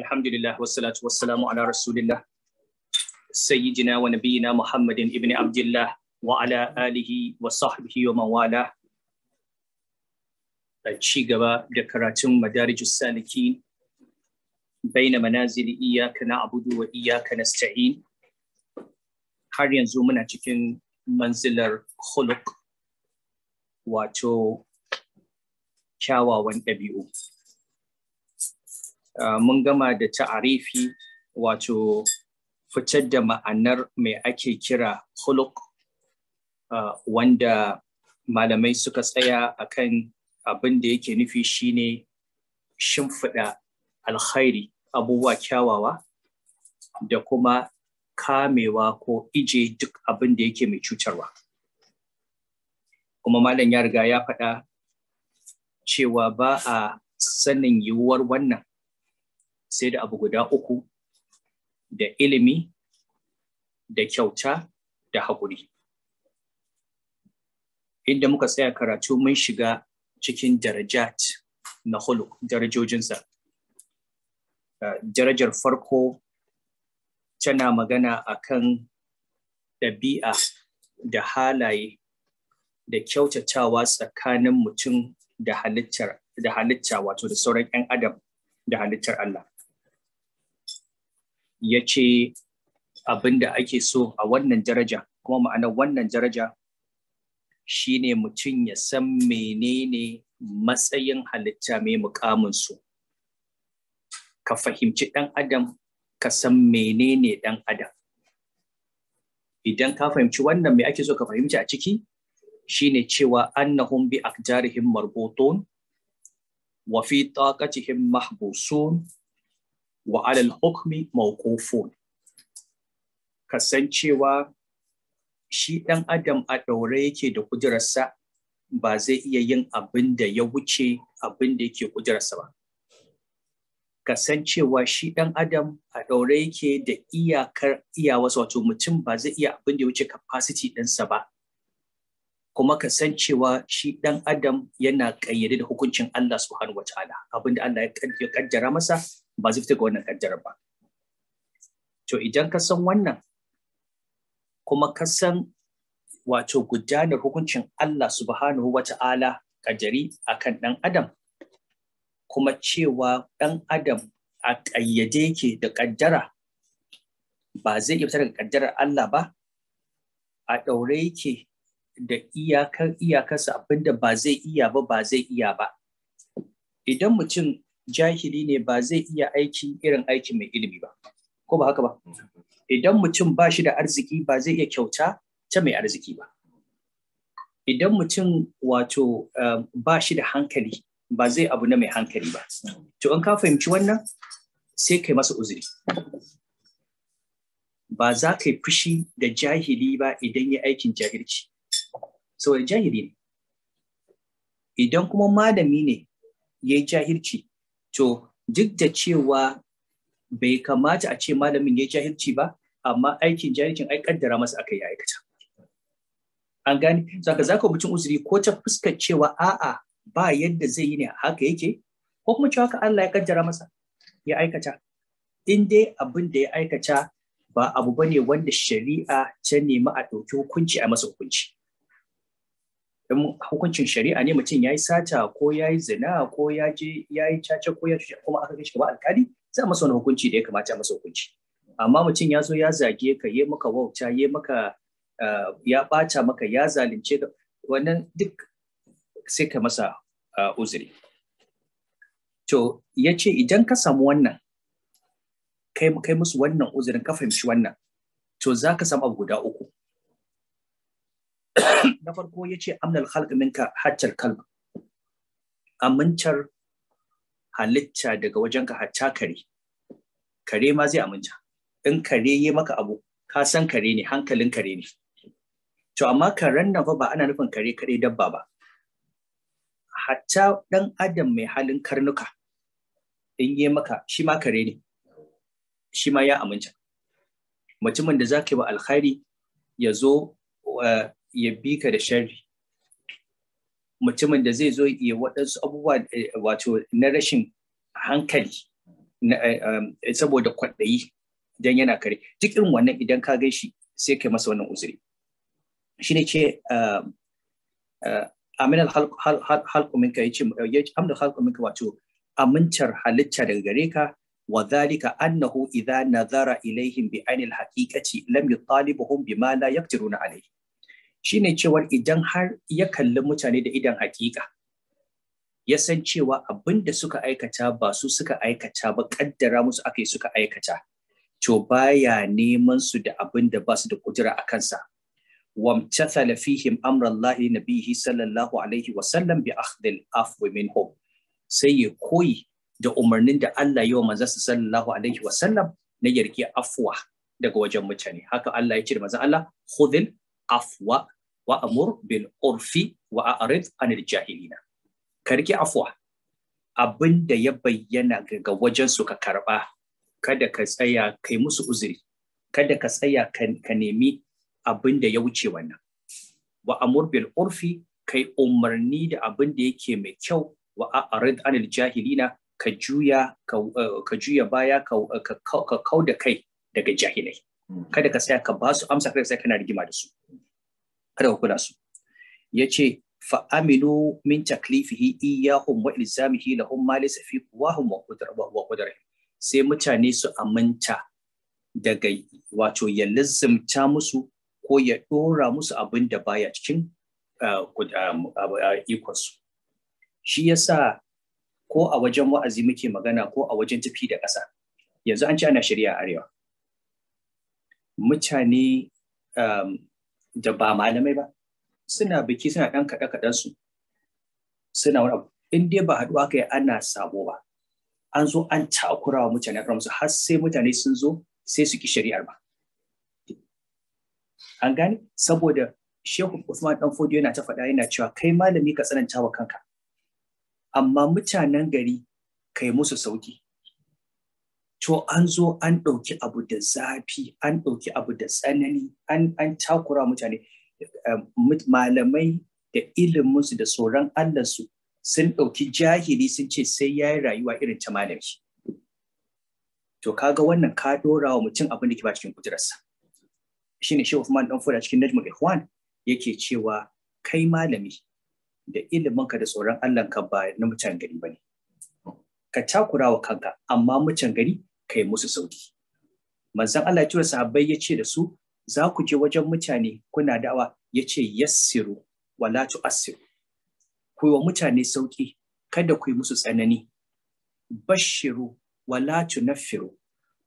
alhamdulillah wassalatu wassalamu ala rasulillah sayyidina wa nabiyina muhammadin ibn abdullah wa alihi wa sahbihi wa mawala a ci gaba da karatun madarijus saliki baina manazili iyaka na abudu wa har yanzu muna cikin manzilar khuluq wato kyawawan ɗabi'u Ah, mun gama da ta'arifi wato fitar da ma'anar mai ake kira huluk ah, wanda malamai suka tsaya akan abin da yake nufi shine shimfiɗa alkhairi abubuwa kyawawa da kuma kamewa ko ije duk abin da yake mai cutarwa kuma malam ya riga ya faɗa cewa ba a sanin yiwuwar wannan sai da abu guda uku da ilimi da kyauta da haƙuri inda muka tsaya karatu mun shiga cikin darajat na hulu darajojinsa darajar farko tana magana akan ɗabi'a da halaye da kyautatawa tsakanin mutum da da halitta wato da sauran 'yan adam da halittar Allah. ya ce abin da ake so a wannan daraja kuma ma'ana wannan daraja shine mutum ya san menene matsayin halitta mai su ka fahimci ɗan adam ka san menene ɗan adam idan ka fahimci wannan mai ake so ka fahimci a ciki shine cewa an annahum bi aqdarihim marbutun wa fi taqatihim mahbusun wa alal hukmi mawqufun kasancewa shi dan adam a daure yake da kujerarsa ba zai iya yin abin da ya wuce abin da yake kujerarsa ba kasancewa shi dan adam a daure yake da iyakar iyawarsa wato mutum ba zai iya abin da ya wuce capacity ɗinsa ba kuma kasancewa shi dan adam yana kayyade da hukuncin Allah subhanahu wa ta'ala abin da Allah ya kaddara masa ba zai fita ga wannan kaddara ba to idan ka san wannan kuma ka san wato gudanar hukuncin Allah subhanahu wa ta'ala a akan ɗan adam kuma cewa ɗan adam a ƙayyade yake da ƙaddara ba zai iya fitar da ƙaddarar Allah ba a ɗaure yake da iyakar iyakarsa abinda ba zai iya ba ba zai iya ba idan mutum jahili ne ba zai iya aiki irin aiki mai ilimi ba ko ba haka ba idan mutum ba shi da arziki ba zai iya kyauta ta mai arziki ba idan mutum wato eh, ba shi da hankali ba zai abu na mai hankali ba to in ka fahimci wannan sai kai masa uzuri ba za ka yi fushi da jahili ba idan ya aikin jahilci saboda jahili ne idan kuma malami ne ya yi jahilci to duk da cewa bai kamata a ce malamin ya jahilci ba amma aikin jahilcin ai kaddara masa aka yi aikata an gane saka zaka mutum uzuri ko ta fuskar cewa a'a ba yadda zai yi ne haka yake ko kuma cewa ka Allah ya kaddara masa ya aikata in dai abin da ya aikata ba abu bane wanda shari'a ta nemi a ɗauki hukunci a masa hukunci in hukuncin shari'a ne mutum ya yi sata ko ya yi zina ko ya je ya yi caca ko ya cuce kuma aka shi gaba alkali za masa wani hukunci da ya kamata masa hukunci amma mutum ya zo ya zage ka ya maka wauta ya maka ah, ya ɓata maka ya zalunce ka wannan duk sai ka masa ah, uzuri to ya ce idan ka samu wannan kai kai musu wannan uzurin ka fahimci wannan to za ka samu abu guda uku na farko ya ce amnal khalq minka haccar kalb amincar halitta daga wajenka hacca kare kare ma zai aminta in kare yi maka abu ka san kare ne hankalin kare ne to amma karen nan fa ba ana nufin kare kare dabba ba hacca dan adam mai halin karnuka in yi maka shi ma kare ne shi ma ya aminta mutumin da za ka yi wa alkhairi ya zo eh, ya bi ka da sharri mutumin da zai zo ya waɗansu abubuwa eh, wato na rashin hankali eh, um, eh, saboda kwaɗayi don yana kare duk irin wannan idan ka gaishi sai kai masa wannan uzuri shi ne ce um, aminal halkuminka ya ce wato amintar halitta daga gare ka wa zalika annahu idza nazara ilaihim bi ainil haqiqati lam yutalibuhum bima la yaqdiruna alayhi shine cewar idan har ya kalli mutane da idan hakika ya san cewa abin da suka aikata ba su suka aikata ba kaddara musu aka yi suka aikata to baya neman su da abin da ba su da kudura a kansa wamtathala fihim amrallahi nabihi sallallahu alaihi wa sallam bi akhdil afwi minhum sai ya koyi da umarnin da Allah ya wa manzansa sallallahu alaihi wa sallam na yarki afwa daga wajen mutane haka Allah ya ce da manzon Allah khudil afwa wa amur bil urfi wa a'rid anil jahilina ka afwa abin da ya bayyana daga wajen su ka karba kada ka tsaya kai musu uzuri kada ka tsaya ka nemi abinda ya wuce wannan wa amur bil urfi kai umarni da abin da yake mai kyau wa a'rid anil jahilina ka juya ka eh, juya baya ka kau da kai daga jahilai kada ka saya ka ba su amsa kada ka saya kana rigima da su kada ka kula su yace fa aminu min taklifihi iyahum wa ilzamihi lahum ma laysa fi quwahum wa qudrahum wa sai mutane su aminta daga wato ya lazzamta musu ko ya dora musu abin da baya cikin ikonsu shi yasa ko a wajen wa'azi muke magana ko a wajen tafi da ƙasa yanzu an ci ana shari'a arewa mutane um, da ba malamai ba suna biki suna ɗan kaɗan-kaɗan su suna wani in dai ba haɗu aka yi ana sabo ba an zo an takura wa mutane a su har sai mutane sun zo sai su ki shari'ar ba an gane saboda shehu Usman dan Fodio yana ta faɗa yana cewa kai malami ka tsananta wa kanka amma mutanen gari kai musu sauki to an zo an ɗauki abu da zafi an ɗauki abu da tsanani an takura mutane malamai da iliminsu da tsoron su sun ɗauki jahili sun ce sai ya yi rayuwa irin ta malami to kaga wannan ka dora wa mutum abin da ke ba cikin kudurarsa ne shehu Uthman dan fura cikin Najmul Ikhwan yake cewa kai malami da iliminka da tsoron Allah ka ba na mutan gari ba ne? ka takura wa kanka amma mutan gari kai musu sauki manzan Allah ya sahabbai ya ce da su za ku je wajen mutane kuna da'awa ya ce yassiru wala tu'assiru ku yi wa mutane sauki kada ku yi musu tsanani bashiru wala tunaffiru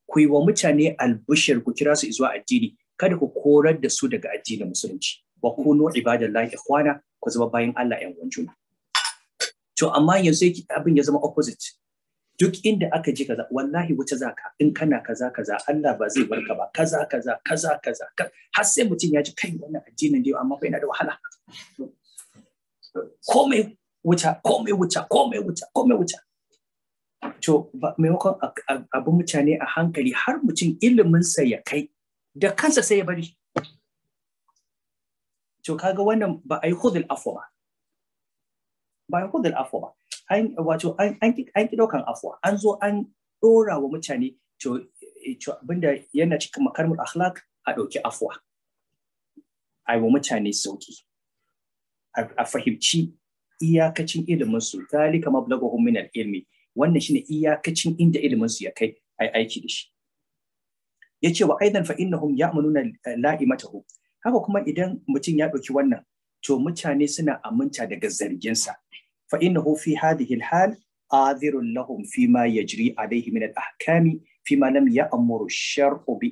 ku yi wa mutane albushir ku kira su zuwa addini kada ku korar da su daga addinin musulunci wa kunu ibadallahi kwana, ku zama bayan Allah yan uwan juna to amma yanzu abin ya zama opposite duk inda aka ji kaza wallahi wuce za ka in kana kaza kaza Allah ba zai barka ba kaza kaza kaza kaza har sai mutum ya ji kai wannan addinin da amma bai na da wahala komai wuta komai wuta komai wuta komai wuta to maimakon abu mutane a hankali har mutum iliminsa ya kai da kansa sai ya bari to kaga wannan ba a yi hudul afwa ba ba a yi hudul afwa ba wato an an ki daukan afwa an zo an dora wa mutane to eh, abinda yana cikin makarmul akhlaq a dauki afuwa. Ai wa mutane sauki a fahimci iyakacin ilimin su zalika mablaghuhum min ilmi wannan shine iyakacin inda ilimin su ya kai ai aiki da shi yace wa aidan fa innahum ya'manuna la'imatahu haka kuma idan mutum ya dauki wannan to mutane suna aminta daga zarginsa fa innahu fi hadhihi al-hal adhirun lahum fi ma yajri alayhi min al-ahkami fi ma lam ya'muru shar'u bi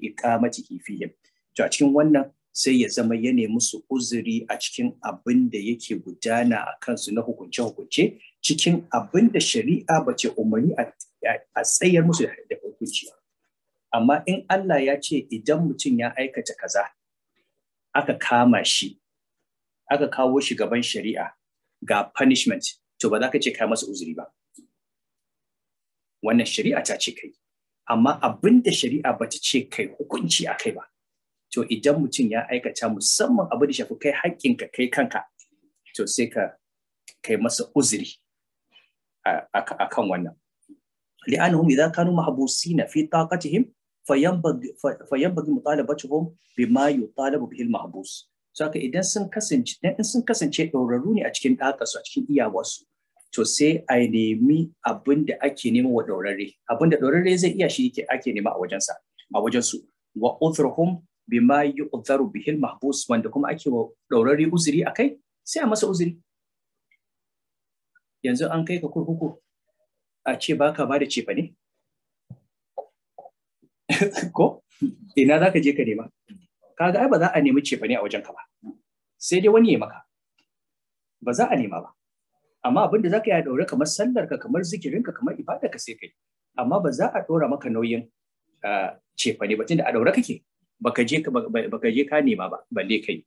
to a cikin wannan sai ya zama ya nemi su uzuri a cikin abinda da yake gudana a kansu na hukunce-hukunce cikin abin shari'a bace ce umarni a tsayar musu da hukunci amma in Allah ya ce idan mutum ya aikata kaza aka aka kawo shi gaban shari'a ga punishment to ba za ka ce kai masa uzuri ba wannan shari'a ta ce kai amma abinda shari'a bata ce kai hukunci a kai ba to idan mutum ya aikata musamman abin da shafi kai ka kai kanka to sai ka kai masa uzuri a kan wannan li'annahum idza kanu mahbusina fi taqatihim fayanbaghi fayanbaghi mutalabatuhum bima yutalabu bihi al-mahbus saka idan sun kasance idan sun kasance ɗauraru ne a cikin ɗakarsu a cikin iyawarsu to sai a nemi abin da ake nema wa ɗaurarre abin da ɗaurarre zai iya shi ake nema a wajensa a wajensu wa uzurhum bima yu'zaru bihil mahbus wanda kuma ake wa ɗaurarre uzuri a kai sai a masa uzuri yanzu an kai ka kurkuku a ce baka ba da cefa ne ko ina za ka je ka nema kaga ai ba za a nemi cefa ne a wajenka ba sai dai wani ya maka ba za a nema ba amma abin da za ka yi a ɗaure kamar sallarka kamar zikirinka kamar ibadarka sai kai amma ba za a ɗora maka nauyin cefane ne ba tunda a ɗaure kake baka je je ka nema ba balle kai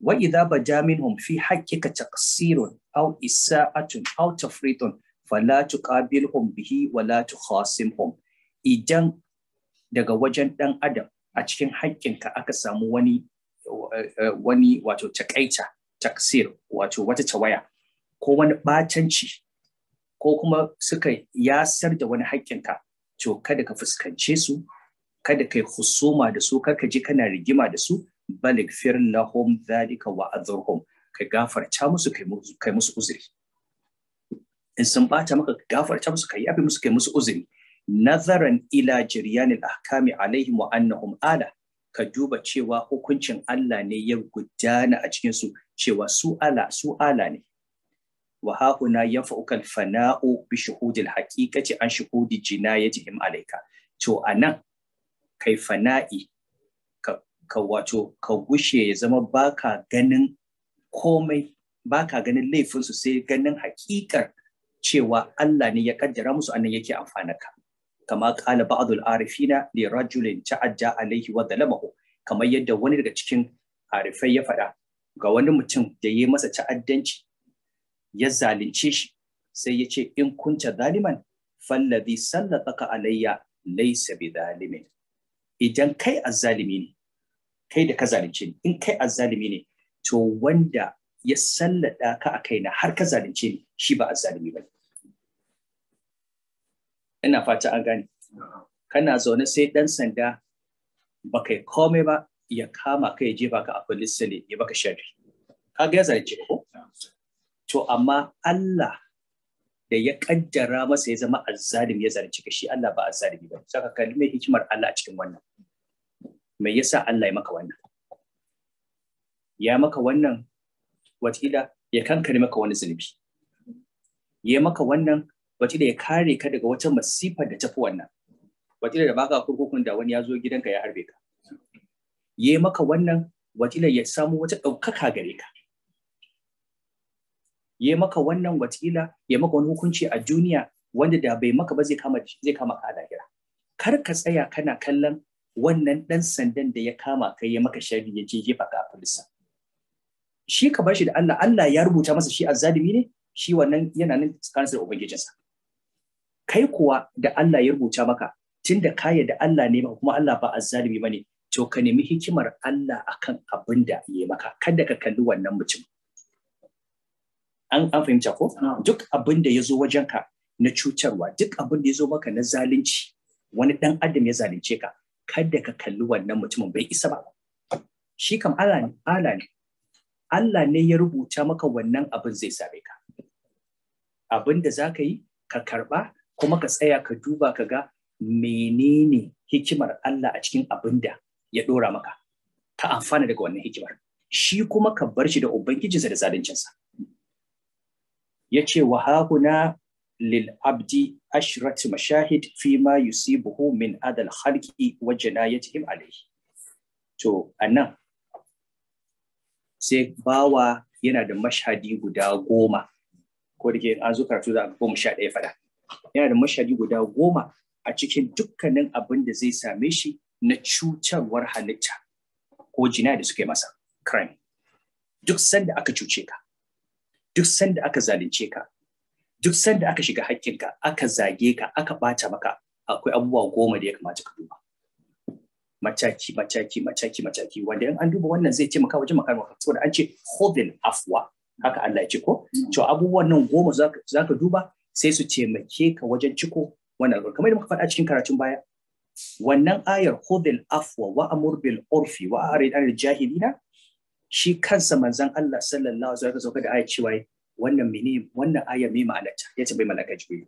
wa idza bajamin hum fi haqqika taqsirun aw isa'atun aw tafritun fala tuqabilhum bihi wala tukhasimhum idan daga wajen dan adam a cikin haƙƙinka aka samu wani eh, wani wato takaita taksir wato wata tawaya ko wani ɓatanci, ko kuma suka yasar da wani haƙƙinka to kada ka fuskance su kada kai husuma da su kar ka ji kana rigima da su balik fir lahum zalika wa azurhum ka gafarta musu kai musu uzuri in sun bata maka gafarta musu kai yafi musu kai musu uzuri nazaran ila jiryanil ahkami alaihim wa annahum ala ka duba cewa hukuncin Allah ne ya gudana a cikin su cewa su ala su ala ne wa hahuna yanfa'uka fana'u bi shuhudil haqiqati an ya jinayatihim alayka to anan kai fana'i ka wato ka gushe ya zama baka ganin komai baka ganin laifinsu sai ganin haƙiƙar cewa Allah ne ya kaddara musu annan yake amfana ka kama kala ba'dul arifina li rajulin ta'adda alaihi wa zalamahu kamar yadda wani daga cikin arifai ya faɗa ga wani mutum da ya masa ta'addanci ya zalunce shi sai ya ce in kunta zaliman fallazi sallataka alayya laysa bi zalimin idan kai azzalimi ne kai da ka zalunce ni in kai azzalimi ne to wanda ya sallada ka a kaina har ka zalunce ni shi ba azzalimi ba ina fata an gane kana zaune sai dan sanda baka kai komai ba ya kama ka ya jefa ka a police ne ya baka shari ka ga ya ko to amma Allah da ya kaddara masa ya zama azzalim ya zarci ka shi Allah ba azzalimi ba saka kalmar hikimar Allah a cikin wannan me yasa Allah ya maka wannan ya maka wannan watila ya kankare maka wani zunubi ya maka wannan watila ya kare ka daga wata masifa da ta fi wannan watila da baka kurkukun da wani ya zo gidanka ya harbe ka ya maka wannan watila ya samu wata ɗaukaka gare ka ya maka wannan watila ya maka wani hukunci a duniya wanda da bai maka ba zai kama zai kama ka lahira kar ka tsaya kana kallon wannan dan sandan da ya kama kai ya maka sharri ya je jefa ka fulsa shi ka bashi da Allah Allah ya rubuta masa shi azzalimi ne shi wannan yana nan tsakanin da ubangijinsa kai kuwa da Allah ya rubuta maka tunda ka da Allah ne ba kuma Allah ba azzalimi bane to ka nemi hikimar Allah akan abin da ya maka kada ka kalli wannan mutum an fahimta ko duk abin da ya zo wajenka na cutarwa duk abin da ya zo maka na zalunci wani dan adam ya zalunce ka kada ka kalli wannan mutumin bai isa ba shi kam Allah ne Allah ne Allah ne ya rubuta maka wannan abin zai same ka abin da zaka yi ka karba kuma ka tsaya ka duba ka ga menene hikimar Allah a cikin abin da ya dora maka ka amfana daga wannan hikimar shi kuma ka bar shi da ubangijinsa da zaluncinsa Ya ce wa hahuna lil abdi ashrat mashahid fi ma yusibuhu min adal khalqi wa jinayatihim alayhi to anan sai bawa yana da mashhadi guda goma ko da ke an zo karatu za a goma sha ɗaya faɗa yana da mashhadi guda goma a cikin dukkanin abin da zai same shi na cutarwar halitta ko jina da suka masa crime duk sanda aka cuce ka duk sanda aka zalunce ka duk sanda aka shiga hakkinka aka zage ka aka ɓata maka akwai abubuwa goma da ya kamata ka duba mataki mataki mataki mataki wanda in an duba wannan zai taimaka wajen makarwa saboda an ce hodin afwa haka Allah ya ce ko mm. to abubuwan nan goma za ka duba sai su taimake ka wajen ciko wannan alƙawari kamar da muka faɗa cikin karatun baya wannan ayar hodin afwa wa amur bil urfi wa arid anil jahilina shi kansa manzan Allah sallallahu alaihi wasallam sauka da aya cewa wannan mini wannan aya ma'ana ta yace bai malaka jibril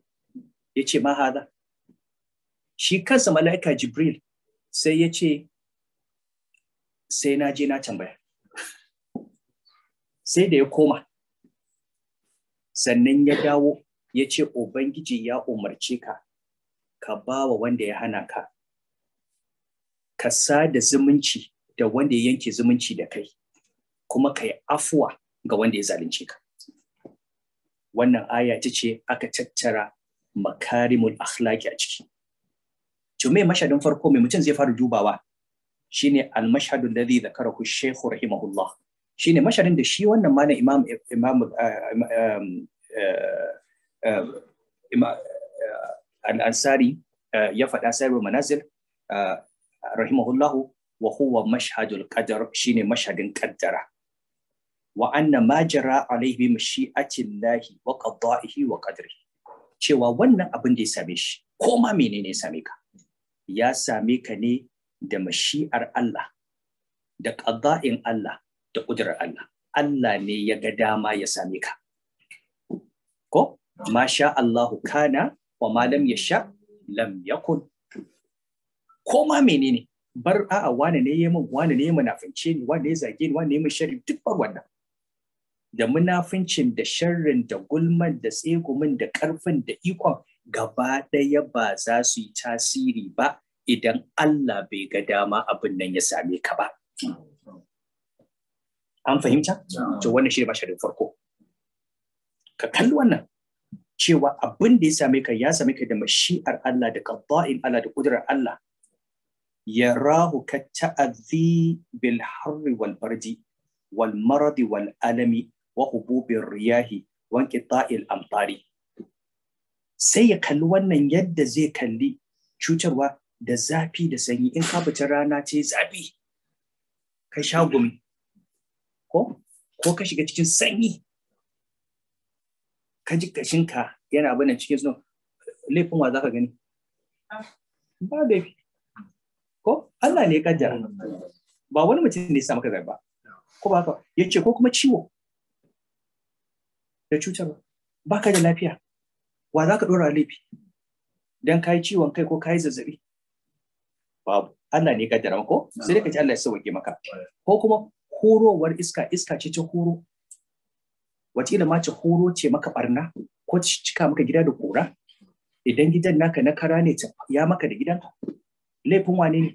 yace ma hada shi kansa mala'ika jibril sai yace sai na je na tambaya sai da ya koma sannan ya dawo ya ce ubangiji ya umarce ka ka ba wa wanda ya hana ka ka sada zumunci da wanda ya yanke zumunci da kai kuma ka yi afuwa ga wanda ya zalunce ka wannan aya ta ce aka tattara makarimul akhlaqi a ciki to mashadin farko mai mutum zai fara dubawa shine al mashhadul ladhi dhakarahu shaykh rahimahullah shine mashadin da shi wannan malam imam imam uh, um, uh, um, uh, al ansari ya faɗa sayyidul manazil rahimahullahu wa huwa mashhadul qadar shine mashadin qaddara wa anna ma jara alaihi mashi'atillahi wa qada'ihi wa qadrihi cewa wannan abin da ya same shi ko ma menene ya same ka ya same ka ne da mashi'ar Allah da qada'in Allah da ƙudurar Allah Allah ne ya ga dama ya same ka ko masha Allahu kana wa ma lam yasha lam yakun ko ma menene bar a'a wane ne yayi min wane ne munafince ni wane ya zage ni wane ya min sharri duk bar wannan da munafincin da sharrin da gulman da tsegumin da ƙarfin da ikon gaba ɗaya ba za su yi tasiri ba idan Allah bai ga dama abin nan ya same ka ba. An fahimta? To wannan shi ne da farko. Ka kalli wannan cewa abin da ya same ka ya same ka da mashi'ar Allah da kaddain Allah da kudurar Allah. Ya rahu ka ta'azi bil harri wal bardi wal maradi wal alami wa hububin riyahi wa qita'il amtari sai ya kalli wannan yadda zai kalli cutarwa da zafi da sanyi in ka fita rana ce zafi ka sha gumi ko ko ka shiga cikin sanyi ka ji kashinka yana abin cikin snow laifin wa za ka gani ba laifi ko Allah ne ya kaddara ba wani mutum ne ya sa maka zai ba ko ba ya yace ko kuma ciwo da cutarwa baka da lafiya wa za ka ɗora laifi don ka yi ciwon kai ko ka yi zazzabi babu Allah ne kaddara mako sai dai ka ci Allah ya sauke maka ko kuma horowar iska iska ce ta horo wacila ma ce horo ce maka barna ko cika maka gida da kora idan gidan naka na kara ne ya maka da gidan? laifin wane ne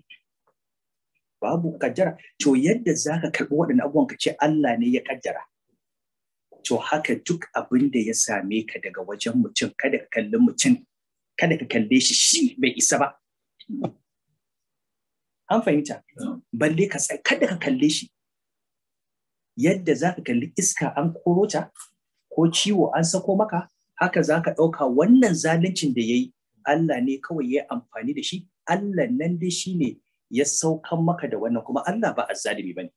babu Ƙaddara. to yadda za ka karbi waɗannan abubuwan ka ce Allah ne ya ƙaddara. to haka duk abin da ya same ka daga wajen mutum kada ka kalli mutum kada ka kalle shi shi bai isa ba an fahimta balle ka tsaya kada ka kalle shi yadda za ka kalli iska an korota ko ciwo an sako maka haka za ka ɗauka wannan zaluncin da ya yi Allah ne kawai ya amfani da shi Allah nan dai shi ne ya saukan maka da wannan kuma Allah ba azzalimi ba ne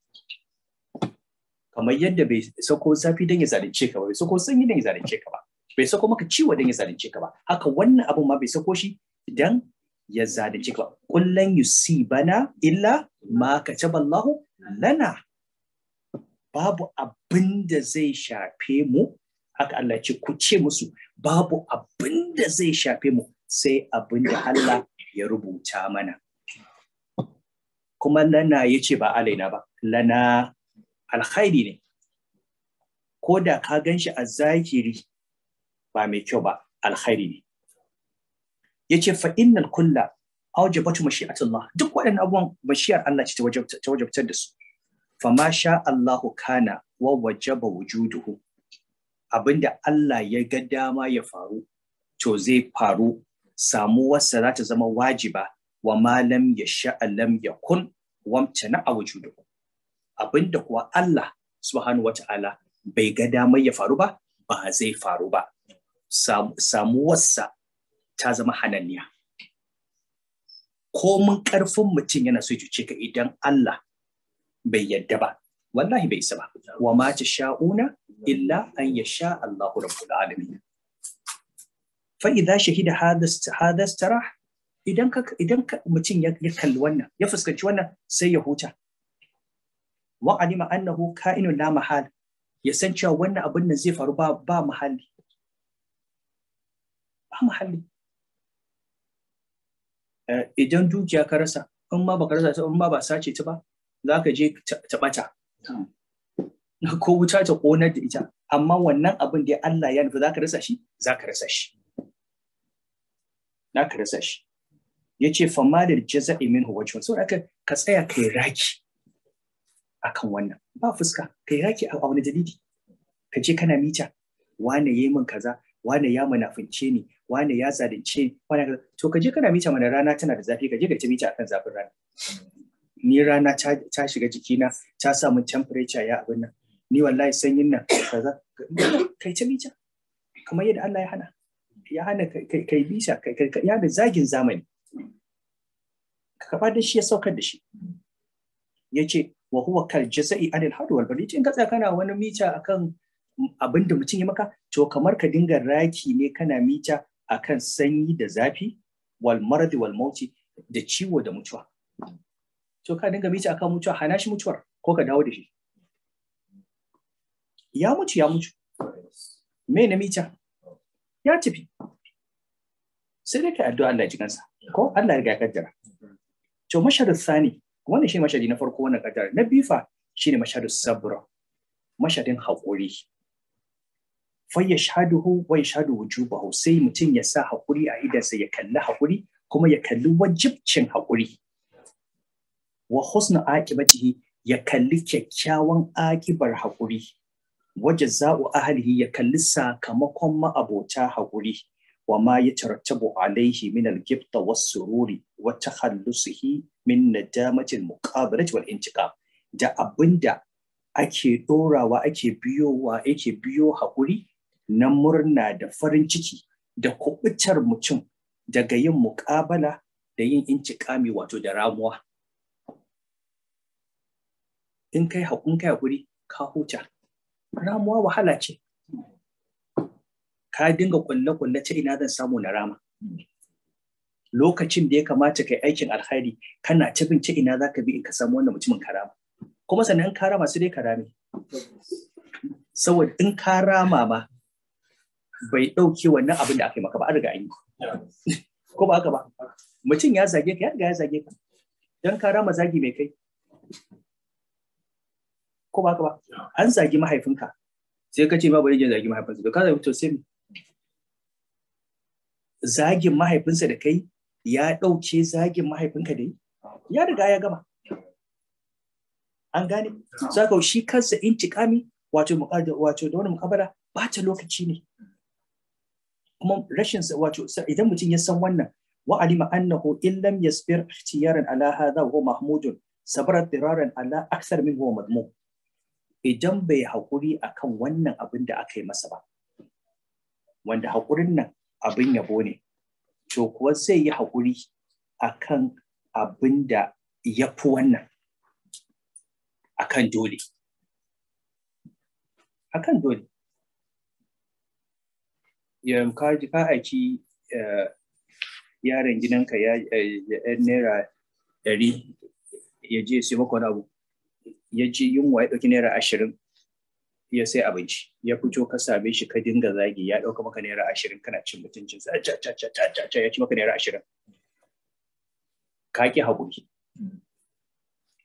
kamar yadda bai sako zafi don ya zalunce ka ba bai sako sanyi don ya zalunce ka ba bai sako maka ciwo don ya zalunce ka ba haka wannan abun ma bai sako shi dan ya zalunce ka ba kullan bana illa ma Allah lana babu abin da zai shafe mu haka Allah ce ku ce musu babu abin da zai shafe mu sai abin da Allah ya rubuta mana kuma lana ya ce ba alaina ba lana alkhairi ne ko da ka gan shi a zahiri ba mai kyau ba alkhairi ne ya ce fa'innal kulla aujabatu mashi'atullah duk waɗannan abubuwan bashiyar Allah ce ta wajabtar da su ma sha Allahu kana wa wajaba wujuduhu abinda Allah ya ga dama ya faru to zai faru samuwarsa za ta zama wajiba wa malam ya sha lam ya kun wamtana a wujuduhu abinda kuwa Allah subhanahu wa ta'ala bai ga damar ya faru ba ba zai faru ba samuwarsa ta zama hananniya komin karfin mutum yana so cuce ka idan Allah bai yadda ba wallahi bai isa ba wa ma ta sha'una illa an sha Allahu rabbul alamin fa idza shahida hadha hadha idan ka idan mutum ya kalli wannan ya fuskanci wannan sai ya huta wa alima annahu Kainu la mahal ya san cewa wannan abin nan zai faru ba ba mahalli ba mahalli eh, idan dukiya ka rasa in ma baka rasa in ma ba sace ta ba za ka je ta bata hmm. ko wuta ta konar da ita amma wannan abin da Allah ya nufi za ka rasa shi za ka rasa shi za ka rasa shi ya ce fama da jaza'i min huwacin so aka ka tsaya kai raki akan wannan ba fuska kai raki a wani dalili ka je kana mita wane yayi min kaza wane ya munafince ni wane ya zalunce ni wane kaza to ka je kana mita mana rana tana da zafi ka je ka ci mita akan zafin rana ni rana ta, shiga jikina ta sa min temperature ya abin nan ni wallahi sanyin nan kaza kai ta mita kamar yadda Allah ya hana ya hana kai bisa ya da zagin zamani ka da shi ya saukar da shi ya ce wa huwa kal jaza'i anil hadu wal bari in ka kana wani mita akan abin da mutum ya maka to kamar ka dinga raki ne kana mita akan sanyi da zafi wal maradi wal mauti da ciwo da mutuwa to ka dinga mita akan mutuwa hana shi mutuwar ko ka dawo da shi ya mutu ya mutu me na mita ya tafi sai dai ka addu'a Allah ji kansa ko Allah ya ga kaddara to mashhadus sani kuma wannan shine mashadi na farko wannan kaddara na biyu fa shine mashadu sabra mashadin haƙuri fa yashhaduhu wa shadu wujubahu sai mutum ya sa haƙuri a idansa ya kalli haƙuri kuma ya kalli wajibcin haƙuri wa husnu aqibatihi ya kalli kyakkyawan akibar haƙuri wajen za'u ahalihi ya kalli sakamakon ma'abota haƙuri Wama ya وما يترتب عليه من الجبط والسرور وتخلصه من ندامة المقابلة والانتقام da abinda ake ɗorawa ake biyowa ake biyo haƙuri na murna da farin ciki da kubutar mutum daga yin muƙabala da yin intikami wato da ramuwa in kai haƙuri ka huta ramuwa wahala ce ka dinga kulle-kulle ta ina zan samu na rama lokacin da ya kamata kai aikin alkhairi kana ta bin ta ina za ka bi in ka samu wannan mutumin karama kuma sannan karama su dai karami. saboda in karama ma bai ɗauke wannan abin da aka yi maka ba arga riga an yi ko ba haka ba mutum ya zage ka ya riga ya zage ka dan karama zagi mai kai ko ba haka ba an zagi mahaifinka sai ka ce ma bari jin zagi mahaifinka to ka zagi to sai zagin mahaifinsa da kai ya ɗauke zagin mahaifinka da yi ya riga ya gama an gane saka shi kansa intikami wato wato da wani mukabara bata lokaci ne kuma rashin wato idan mutum ya san wannan wa alima annahu in lam yasbir ihtiyaran ala hadha wa mahmudun sabara diraran ala akthar min huwa madmu. idan bai hakuri akan wannan abin da aka yi masa ba wanda hakurin nan abin yabo ne to kuwa zai yi haƙuri a kan abin da ya fi wannan a kan dole a kan dole ka aiki eh, yaron gidanka ya eh, eh, naira ɗari ya je sai maka abu ya ce yunwa ya ɗauki naira ashirin ya sai abinci ya fito ka same shi ka dinga zagi ya ɗauka maka naira ashirin kana cin mutuncin sa ca ca ca ca ya ci maka naira ashirin ka ki haƙuri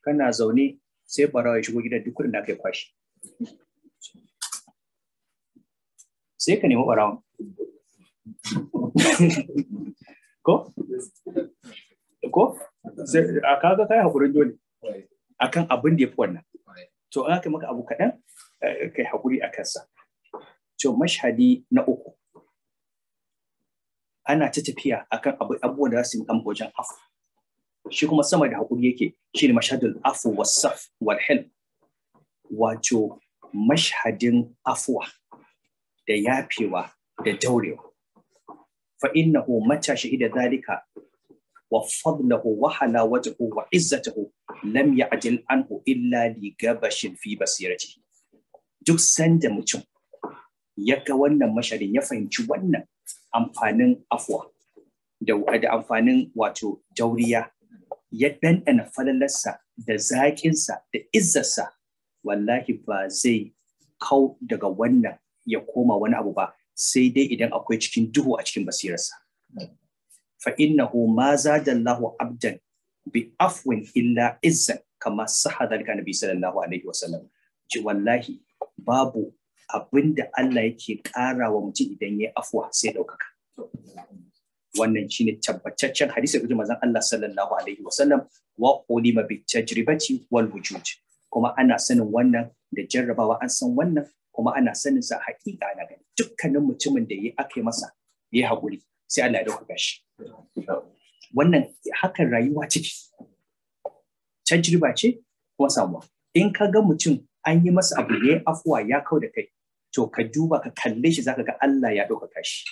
kana zaune sai ɓarawa ya shigo gida duk kuɗin na kai kwashi sai ka nemi ɓarawan ko ko a kaga kai haƙurin dole akan abin da ya fi wannan to an aka maka abu kaɗan Eh, kai hakuri a kansa to mashhadi na uku ana ta tafiya akan abu da za su yi maka wajen afu shi kuma sama da hakuri yake shi ne mashhadul afu wasaf wal hil wato mashhadin afuwa da yafewa da daurewa fa innahu mata shahida zalika wa fadlahu wa halawatahu wa izzatahu lam ya'jil anhu illa li gabashin fi basirati duk sanda mutum ya ga wannan masharin ya fahimci wannan amfanin afuwa da amfanin wato dauriya ya ɗanɗana falalarsa da zaƙinsa da izzarsa wallahi ba zai kau daga wannan ya koma wani abu ba sai dai idan akwai cikin duhu a cikin basirarsa. homa ma da Allahu abdan bi afwin illa izzan kama sahadar ga nabi sallallahu alaihi wasallam. Ji wallahi babu abin da Allah yake ƙara wa mutum idan ya yi afuwa sai ɗaukaka. Wannan shi ne tabbataccen hadisi da mazan Allah sallallahu alaihi wasallam wa ulima bi tajribati wal wujud. Kuma ana sanin wannan da jarrabawa an san wannan kuma ana sanin sa haƙiƙa na gani. Dukkanin mutumin da ya aka masa ya haƙuri sai Allah ya ɗaukaka shi. Wannan hakan rayuwa ciki. Tajriba ce kuma samuwa. In ka ga mutum an yi masa abu ne afuwa ya kau da kai to ka duba ka kalle shi zaka ga Allah ya ɗaukaka shi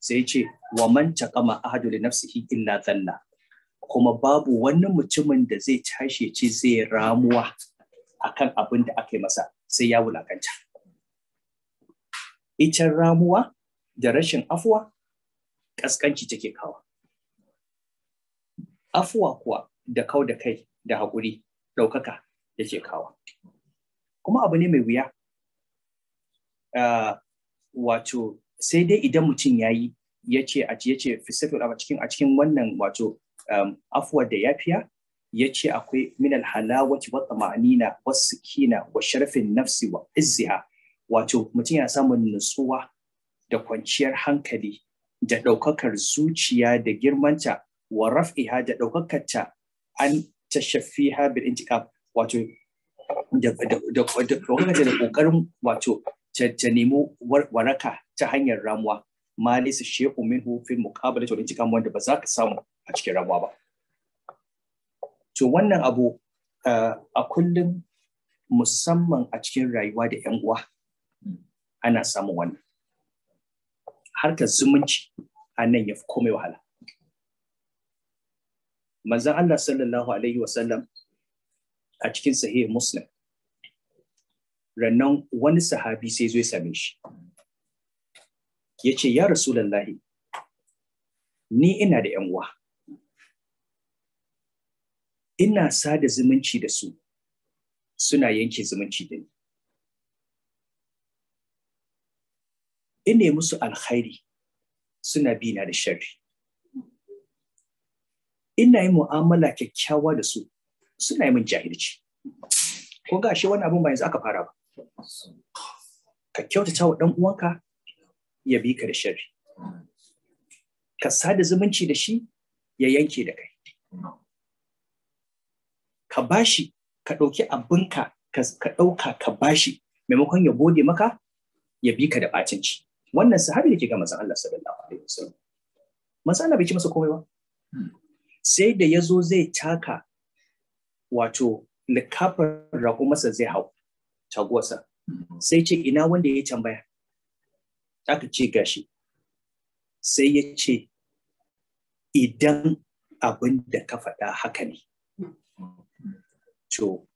sai ce wa man taqama ahadu li nafsihi illa dhanna kuma babu wani mutumin da zai tashi ce zai ramuwa akan abin da aka yi masa sai ya wulakanta ita ramuwa da rashin afuwa ƙasƙanci take kawa afuwa kuwa da kau da kai da haƙuri ɗaukaka yake kawa kuma abu ne mai wuya ah, wato sai dai idan mutum ya yi ya ce a ce a cikin a cikin wannan wato um, afuwar da ya fiya ya ce akwai minal halawati wa tsamanina wa sikina wa sharafin nafsi wa izziha wato mutum ya samun nutsuwa da kwanciyar hankali da ɗaukakar zuciya da girmanta wa raf'iha da ɗaukakarta an ha bil intiqab wato da kokarin wato ta nemo waraka ta hanyar ramuwa ma nisa shehu min hufin mukabala to cikin wanda ba za ka samu a cikin ramuwa ba to wannan abu eh, a kullum musamman a cikin rayuwa da yan uwa ana samun wannan harkar zumunci a nan ya fi komai wahala manzan Allah sallallahu alaihi wasallam a cikin sahih muslim rannan wani sahabi sai zo ya same shi ya ce ya rasulallahi ni ina da yan uwa ina sada zumunci da su suna yanke zumunci da ni ina musu alkhairi suna bina da sharri ina yi mu'amala kyakkyawa da su suna min jahilci Ko ga shi wannan abin ba yanzu aka fara ba ka kyautata wa dan uwanka ya bi ka da sharri ka sada zumunci da shi ya yanke da kai ka bashi ka ɗauki abinka ka ɗauka ka bashi maimakon ya gode maka ya bi ka da bacinci wannan sahabi da ke ga manzon Allah sallallahu alaihi wasallam manzon Allah bai ci masa komai ba hmm. sai da ya zo zai taka wato likafin raƙumarsa zai hau taguwarsa hmm. sai ce ina wanda ya tambaya aka ce gashi sai ya ce idan abin da ka faɗa haka ne to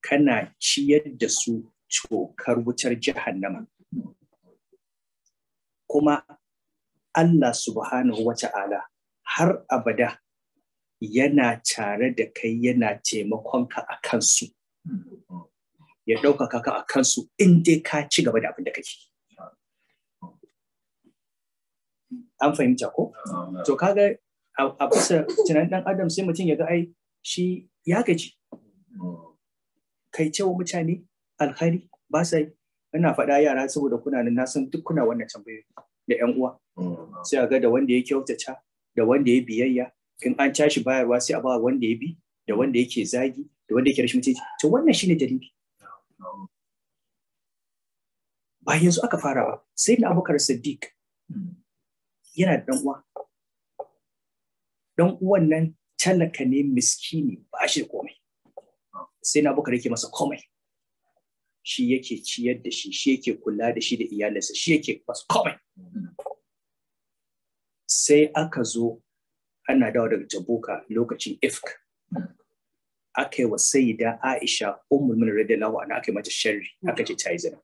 kana ciyar da su cokar wutar jahannama kuma Allah subhanahu wa ta'ala har abada yana tare da kai yana taimakonka a kansu ya ɗaukaka ka a kansu in dai ka ci gaba da abin da kake an fahimta ko to kaga a bisa tunanin dan adam sai mutum ya ga ai shi ya gaji kai cewa mutane alhari ba sai ina faɗa yara saboda kuna nan san duk kuna wannan tambayoyi da yan uwa sai ga da wanda ya kyautata da wanda ya biyayya in an tashi bayarwa sai a ba wanda ya bi da wanda yake zagi da wanda yake rashin mutunci to wannan shine dalili Bayan yanzu aka fara ba sai na abubakar siddiq yana da dan uwa dan uwan nan talaka ne miskini ba shi komai sai na abubakar yake masa komai shi yake ciyar da shi shi yake kula da shi da iyalinsa shi yake masa komai sai aka zo ana dawo daga jabuka lokacin ifk aka yi wa sayida aisha ummul rada lawa na aka yi mata sharri aka ce ta yi zina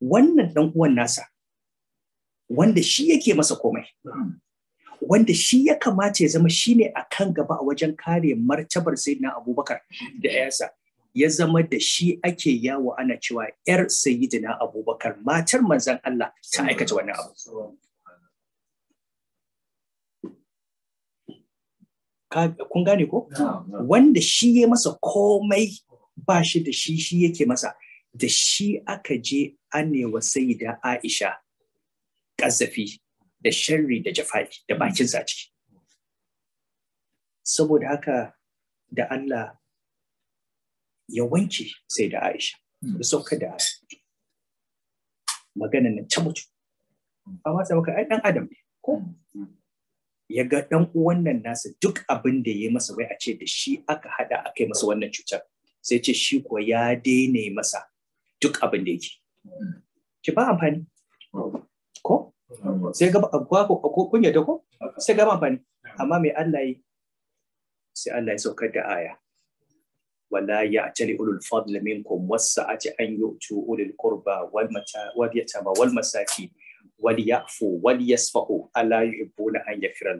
wannan dan uwan nasa wanda shi yake masa komai wanda shi ya kamata ya zama shine a kan gaba a wajen kare martabar sayyidina abubakar da yasa ya zama da shi ake yawo ana cewa yar sayyidina abubakar matar manzan Allah ta aikata wannan abu kun gane ko wanda shi ya masa komai ba shi da shi shi yake masa da shi aka je anewa sai da aisha ƙazafi da sharri da jafa'i da bakin zaci. saboda haka da Allah ya wanke sai da aisha da sauka da magana nan ta mutu amma sai maka ai ɗan adam ne ko mm, mm. ya ga ɗan uwan nan nasa duk abin da ya masa wai a ce da shi aka haɗa aka yi masa wannan cutar sai ce shi kuwa ya daina masa duk abin da yake ki ba amfani ko sai ga ko kunya da ko sai ga amfani amma mai Allah yi sai Allah ya saukar da aya minkum wasa'ati an yu'tu ulul qurba wal mata أولي القربى wal والمساكين wal ya'fu wal yasfahu ala yuhibbuna an yaghfira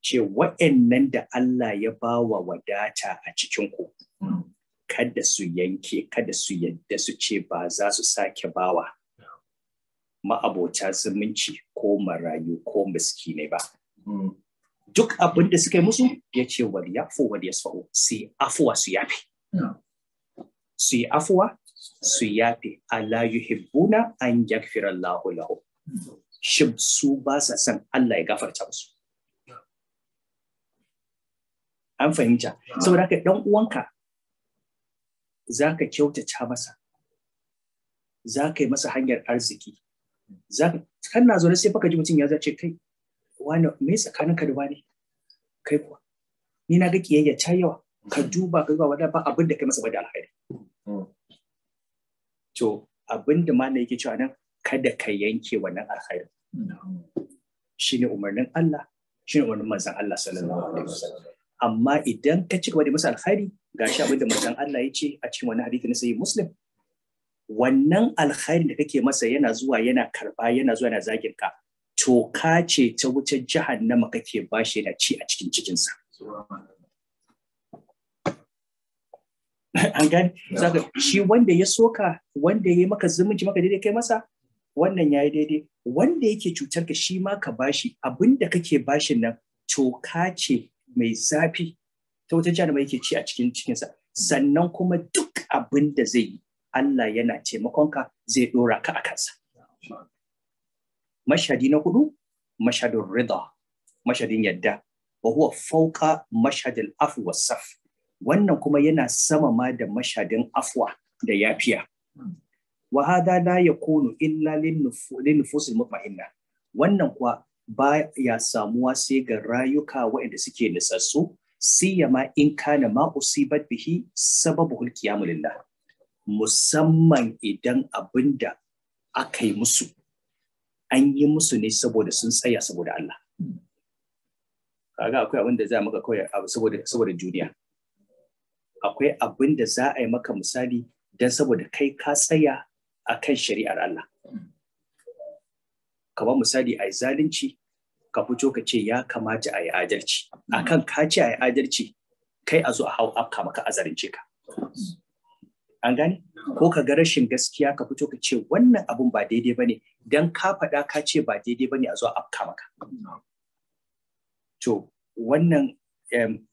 ce wa'annan da Allah ya ba wa wadata a cikinku. kada su yanke kada su yadda su ce ba za su sake bawa ma'abota zumunci ko marayu ko miskinai ba duk abin da suka yi musu ya ce wal ya wal su yi afuwa su yafi su yi afuwa su yafe ala yuhibbuna an yaghfira Allahu lahu shin su ba sa son Allah ya gafarta musu an fahimta saboda yi dan uwanka zaka kyautata masa zaka yi masa hanyar arziki zaka kana zo sai baka ji mutum ya zace kai wani me tsakaninka da wani kai kuwa ni na ga kiyayya ta yawa ka duba ka duba wanda ba abin da kai masa ba da alheri mm. to abin da mana yake cewa nan kada ka yanke wannan alkhairi ne umarnin Allah shi ne umarnin manzan Allah sallallahu alaihi amma idan ka ci gaba da masa alkhairi gashi abin da manzan Allah ya ce a cikin wani hadisi na sahih muslim wannan alkhairin da kake masa yana zuwa yana karba yana zuwa yana zagin ka to ka ce ta wuce jahannama kake bashi yana ci a cikin cikinsa an gane zaka shi wanda ya soka wanda ya maka zumunci maka daidai kai masa wannan yayi daidai wanda yake cutar ka shi ma ka bashi abinda kake bashi nan toka ce mai zafi ta wata jihar mai yake ci a cikin cikinsa sannan kuma duk abin da zai yi Allah yana taimakonka zai dora ka a kansa mashadi na hudu mashadin rida mashadin yadda wa huwa fauka mashadin afu wasaf wannan kuma yana sama ma da mashadin afwa da yafiya wa hada la yakunu illa lin nufusil mutma'inna wannan kuwa ba ya samuwa sai ga rayuka waɗanda suke nisassu siyama in kana ma usibat bihi sababu hulkiyamu lillah musamman idan abin da aka yi musu an yi musu ne saboda sun tsaya saboda Allah kaga akwai abin da za maka kawai saboda duniya akwai abin da za a yi maka misali don saboda kai ka tsaya a kan shari'ar Allah. Kamar misali a yi zalunci, ka fito ka ce ya kamata a yi adalci. A kan ka ce a yi adalci, kai a zo a hau afka maka a ka. An gane? Ko ka ga rashin gaskiya ka fito ka ce wannan abun ba daidai ba ne, don ka faɗa ka ce ba daidai ba ne a zo afka maka. To, wannan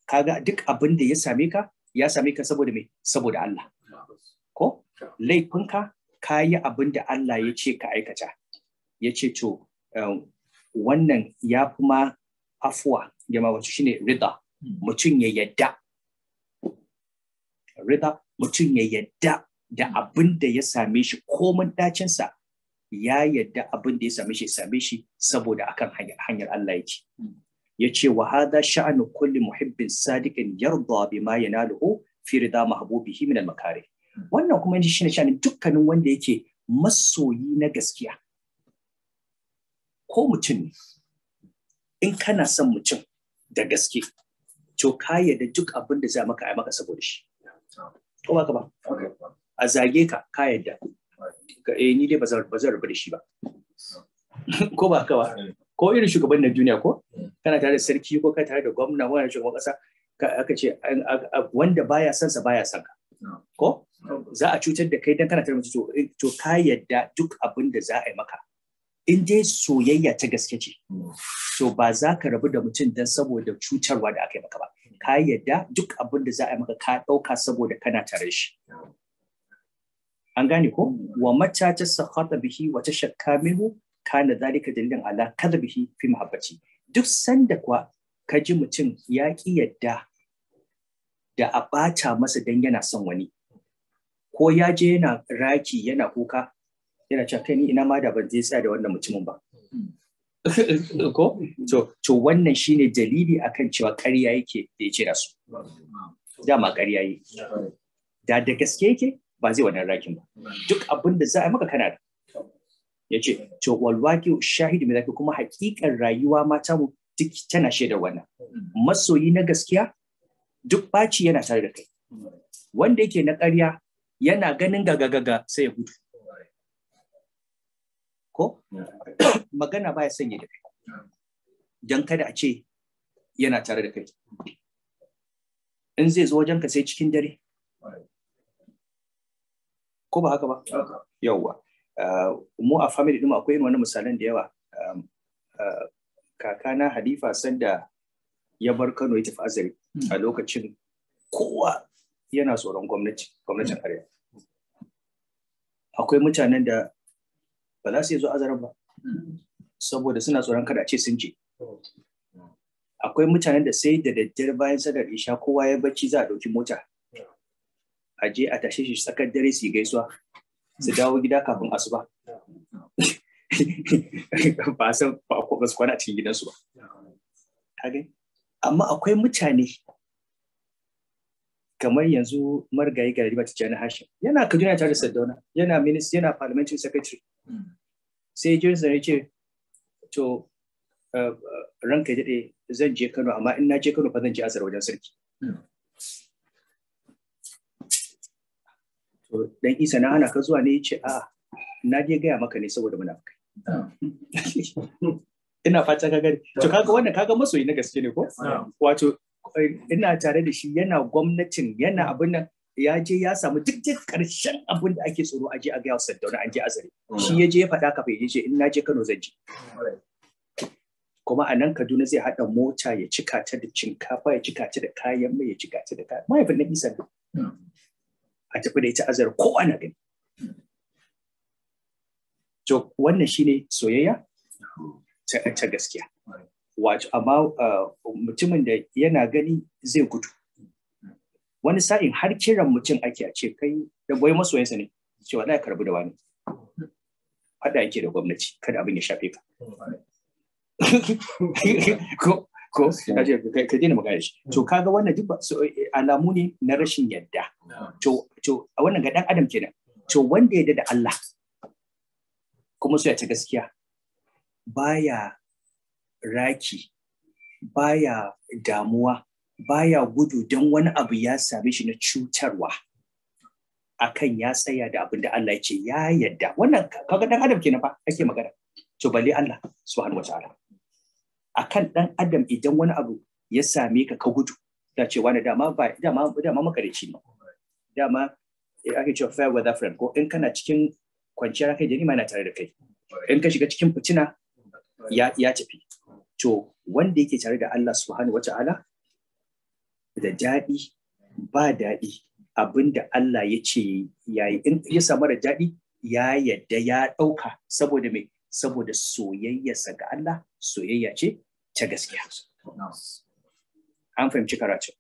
kaga duk abin da ya same ka ya same ka saboda me saboda Allah ko laifinka ka yi abin da Allah ya ce ka aikata ya ce to um, wannan ya fi ma afuwa ma wacce shine rida mutum ya yadda rida mutum ya yadda da abin da ya same shi komin dacinsa ya yadda abin da ya same shi same shi saboda akan hanyar Allah yake ya ce wa hada sha'anu kulli muhibbin sadiqin yarda bima yanaluhu fi rida mahbubihi min al-makari hmm. wannan kuma shi ne sha'anin dukkanin wanda yake masoyi na gaskiya ko mutum ne in kana son mutum da gaske to ka yarda duk abin da za maka ai maka saboda shi ko ba ka ba a zage ka ka yarda eh ni dai ba zan rabu da shi ba ko ba ka ba ko irin shugaban na duniya ko hmm. kana tare da sarki ko kana tare da gwamna wani shugaban kasa aka ce wanda baya son sa baya son ka ko za a cutar da kai dan kana tare mutu to ka yadda duk abin da za a yi maka in dai soyayya ta gaske ce to ba za ka rabu da mutum dan saboda cutarwa da aka yi maka ba hmm. ka yadda duk abin da za a yi maka ka ɗauka saboda kana tare shi an gane ko hmm. wa mata ta sakata bihi wa ta shakka minhu kana zalika dalilin ala kalbihi fi muhabbaci duk sanda kuwa ka ji mutum ya ki yadda da a ɓata masa dan yana son wani ko ya je yana raki yana kuka yana cewa kai ni ina ma da ban je tsaya da wannan mutumin ba ko to to wannan shine dalili akan cewa ƙarya yake da yake da su dama ƙarya yi da da gaske yake ba zai wannan rakin ba duk abin da za a maka kana ya ce to walwaki shahidu mai kuma hakikan rayuwa mata mu duk tana shaidar wannan masoyi na gaskiya duk baci yana tare da kai wanda yake na ƙarya yana ganin gagagaga sai ya gudu ko magana baya sanya da kai don kada a ce yana tare da kai in zai zo wajenka sai cikin dare ko ba haka ba yawwa Ah, mu a family ɗin akwai wani misalan da yawa ah, kakana halifa sanda ya bar kano ya tafi azari hmm. a lokacin kowa yana tsoron gwamnati gwamnatin hmm. arewa akwai mutanen da ba za su yi zo azarin ba saboda suna tsoron kada ce sun je akwai mutanen da sai da daddare bayan sadar isha kowa ya bacci za a ɗauki mota hmm. a je a tashe shi tsakar dare su gaisuwa su dawo gida kafin asuba ba san ba ko ba su kwana cikin gidansu ba kage amma akwai mutane kamar yanzu margayi gari ta jana hashim yana kaduna tare da sardauna yana minis yana parliamentary secretary sai jirgin ya ce to eh, eh, ranka ya daɗe zan je kano amma in na je kano fa zan je azar wajen sarki to dan isa na ana ka zuwa ne yace a na je gaya maka ne saboda munafikai ina fata ka gani to kaga wannan kaga masoyi na gaske ne ko wato ina tare da shi yana gwamnatin yana abin nan ya je ya samu duk duk karshen abin da ake tsoro a je a gaya Sardauna an je azare shi ya je ya faɗa kafa ya ce in na je Kano zan je kuma a nan Kaduna zai haɗa mota ya cika ta da cinkafa ya cika ta da kayan mai ya cika ta da kayan mahaifin na isa a tafi da ita azar ko ana gani to wannan shi ne soyayya ta gaskiya wato amma uh, mutumin da yana gani zai gudu wani sa'in har kiran mutum ake a ce kai da goyi masoyansa ne cewa wallahi karbi da wani faɗa yake da gwamnati kada abin ya shafe ka ko ka daina magana shi to mm. kaga wannan duk eh, alamu ne na rashin yadda to to a wannan ga dan adam kenan to wanda yadda da Allah kuma su ya ta gaskiya baya raki baya damuwa baya gudu don wani abu ya same shi na cutarwa akan ya tsaya da abin da Allah yake ya yadda wannan kaga dan adam kenan fa ake magana to bali Allah subhanahu wataala akan dan adam idan wani abu ya same ka ka gudu ta ce wani dama ba dama dama makareci ne dama eh, ake cewa fair weather friend ko in kana cikin kwanciyar kai jini na tare da kai in ka shiga cikin fitina ya ya tafi to wanda yake tare da Allah subhanahu wata'ala da daɗi ba daɗi abinda Allah ya ce yayi in ya samu da daɗi ya yadda ya ɗauka saboda me saboda soyayyarsa ga Allah soyayya ce ta gaskiya an fahimci karatu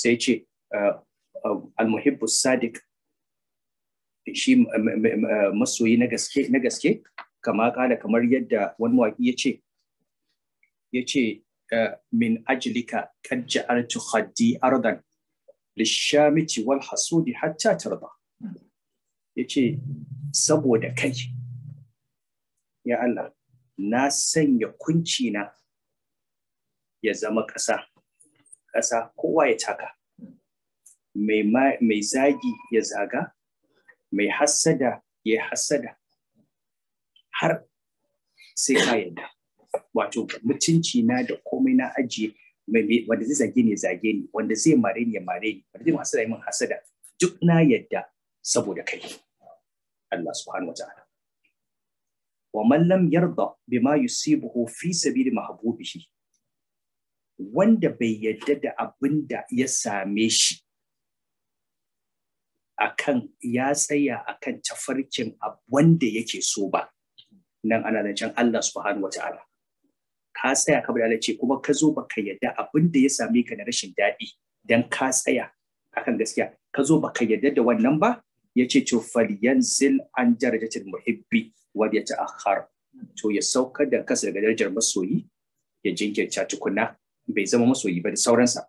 sai ce uh, uh, almuhibbu sadiq shi uh, masoyi na gaske kama kala kamar yadda wani mawaƙi ya ce ya ce min ajilika kad ja'altu khaddi ardan lishamiti wal hasudi hatta tarba ya ce saboda kai ya Allah na sanya kunci na ya zama ƙasa ƙasa kowa ya taka mai zagi ya zaga mai hassada ya hassada har sai ka yadda wato mutunci na da komai na ajiye wanda zai zage ne zage ni wanda zai mare ni ya mare ni wanda zai hasada min hasada duk na yadda saboda kai Allah subhanahu wa ta'ala wa man lam yarda bima yusibuhu fi sabili mahbubihi wanda bai yadda da abin da ya same shi akan ya tsaya akan tafarkin wanda yake so ba nan ana da can Allah subhanahu wata'ala ka tsaya ka bada ce kuma ka zo baka yadda abin da ya same ka na rashin daɗi dan ka tsaya akan gaskiya ka zo baka yadda da wannan ba ya ce to falyanzil an darajatil muhibbi wa ya ta'akhkhar to ya sauka da kasa daga darajar masoyi ya jinkirta tukuna bai zama masoyi ba da sauransa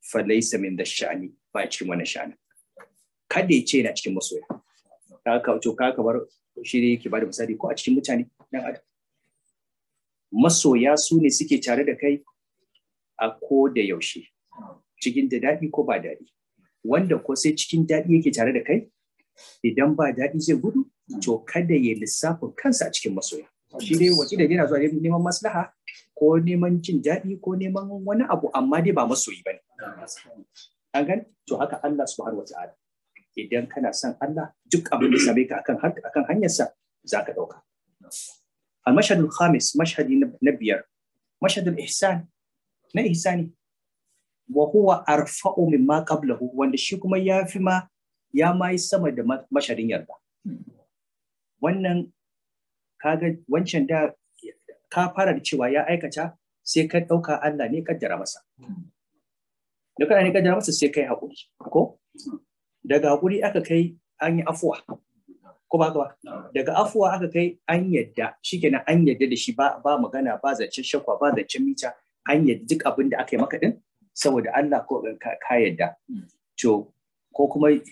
falaisa min da shani ba cikin wannan sha'ani kada ya ce yana cikin masoya ka ka to ka bar shi ne yake bada misali ko a cikin mutane dan adam masoya su ne suke tare da kai a ko da yaushe cikin da daɗi ko ba daɗi wanda ko sai cikin daɗi yake tare da kai idan ba daɗi zai gudu to kada ya lissafin kansa a cikin masoya shi dai wace da yana zuwa neman maslaha ko neman jin daɗi ko neman wani abu amma dai ba masoyi ba ne. An gani? To haka Allah su wa ta'ala. Idan kana son Allah duk abin da same ka akan akan hanyarsa za ka ɗauka. khamis mashadi na biyar مشهد الإحسان na ihsani wa huwa arfa'u mimma qablahu wanda shi kuma yafi ma ya ma yi sama da mashadin yarda wannan kaga wancan da ka fara da cewa ya aikata sai ka ɗauka Allah ne kaddara masa. Duk ne kaddara masa sai kai haƙuri, ko? Daga haƙuri aka kai an yi afuwa, ko ba ba? Daga afuwa aka kai an yadda, shikenan an yadda da shi ba magana ba zancen shakwa ba zancen mita, an yadda duk abin da aka yi maka din saboda Allah ko ka yadda. To ko kuma eh,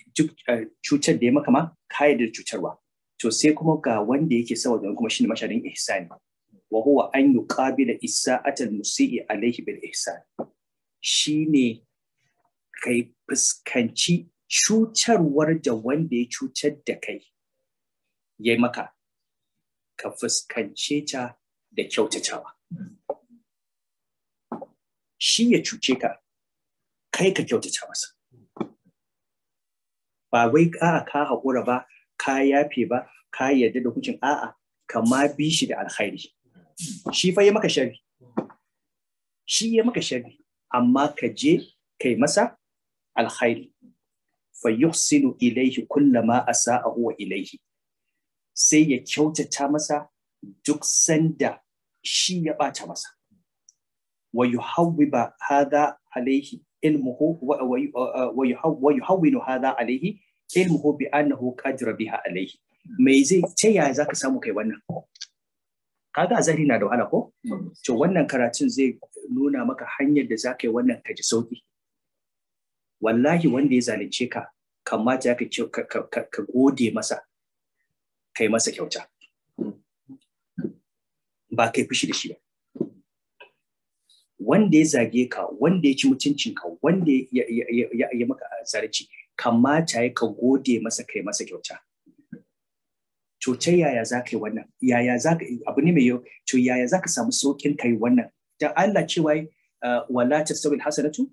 cutar da ya maka ma ka yadda cutarwa. To sai kuma ga wanda yake saboda kuma shi ne masharin ihsani. wa huwa an yuqabila isa'atal musi'i alaihi bil shi shine kai fuskanci cutarwar da wanda ya cutar da kai ya maka ka fuskance ta da kyautatawa shi ya cuce ka kai ka kyautata masa ba wai a'a ka haƙura ba ka yafe ba ka yarda da hukuncin a'a ka ma bi shi da alkhairi shi fa ya maka shari shi ya maka shari amma ka je kai masa alkhairi fa yuhsinu ilaihi kullama asa'ahu wa ilaihi sai ya kyautata masa duk sanda shi ya bata masa wa yuhawwiba hadha alaihi ilmuhu wa yuhawwinu hadha alaihi ilmuhu bi annahu qadra biha alaihi me zai ta yaya zaka samu kai wannan kaga azahiri na da wahala ko mm. to wannan karatun zai nuna maka hanyar da zaka yi wannan ka ji sauki wallahi wanda ya zalunce ka kamata ya ka gode masa kai masa kyauta ba kai fushi da shi ba wanda ya zage ka wanda ya ci mutuncin ka wanda ya maka zarci kamata ya ka gode masa kai masa kyauta to ta yaya za ka yi wannan yaya za ka abu ne mai yau to yaya za ka samu saukin ka yi wannan da Allah cewa ah, wala ta tasabil hasanatu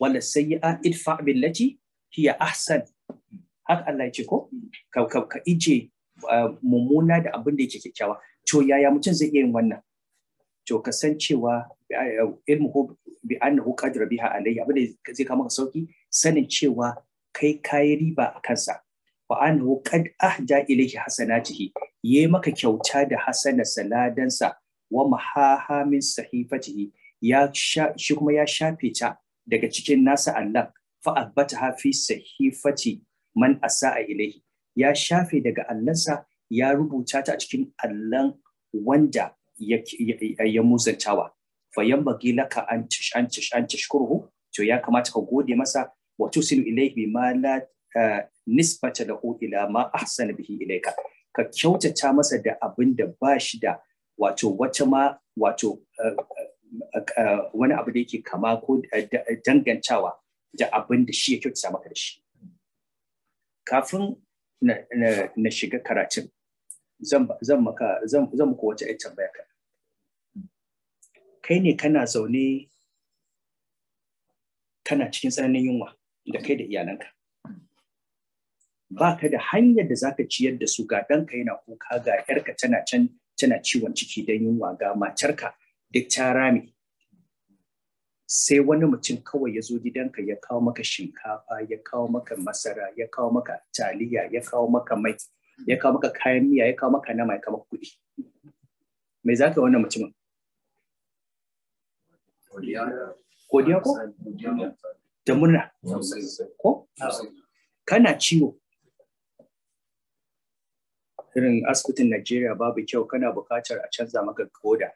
wala a idfa billati hiya ahsan haka Allah ya ce ko ka ka ije ah, mummuna da abin da yake kyakkyawa to yaya mutum zai iya yin wannan to ka san ah, ilmu ko bi annahu qadra biha Alayya. abin da zai kama ka sauki sanin cewa kai kayi riba a kansa fa annahu qad ahja ilayhi hasanatihi yayi maka kyauta da hasana saladansa wa mahaha min sahifatihi ya shi kuma ya shafe ta daga cikin nasa Allah fa abbataha fi sahifati man asa'a ilayhi ya shafe daga allonsa ya rubuta ta a cikin allan wanda ya muzantawa fa yambagi laka an tish an tish an to ya kamata ka gode masa wa tusilu ilayhi ma la nisbata da ila ma ahsana bihi Ilaika ka kyautata masa da abin da ba shi da wato wata ma wato eh, eh, eh, wani abu da yake kama ko dangantawa da abin da shi ya kyautata maka da shi kafin na shiga karatun zan maka zan maka wata ita tambaya ka kai ne kana zaune kana cikin tsananin yunwa da kai da iyalanka ba ka da hanyar da za ka ciyar da su ga ka yana kuka ga yarka tana can tana ciwon ciki don yunwa ga matarka duk ta rame sai wani mutum kawai ya zo gidanka ya kawo maka shinkafa ya kawo maka masara ya kawo maka taliya ya kawo maka mai ya kawo maka kayan miya ya kawo maka nama ya kawo maka kuɗi me za ka yi wannan mutumin godiya ko da murna ko kana ciwo irin asibitin Najeriya babu kyau kana buƙatar a canza maka koda.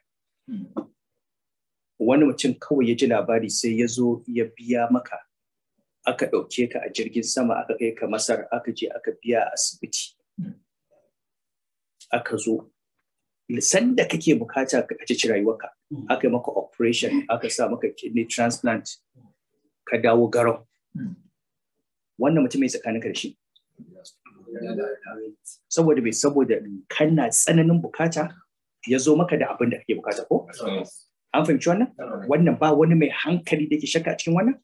Wani mutum kawai ya ji labari sai ya zo ya biya maka aka ɗauke ka a jirgin sama aka kai ka Masar aka je aka biya asibiti. Aka zo sanda kake bukata ka ci rayuwarka aka yi maka operation aka sa maka kidney transplant ka dawo garau. Wannan mutum mai tsakanin karshe. saboda bai saboda kana tsananin bukata ya zo maka da abin da kake bukata ko an fahimci wannan wannan ba wani mai hankali da ke shakka cikin wannan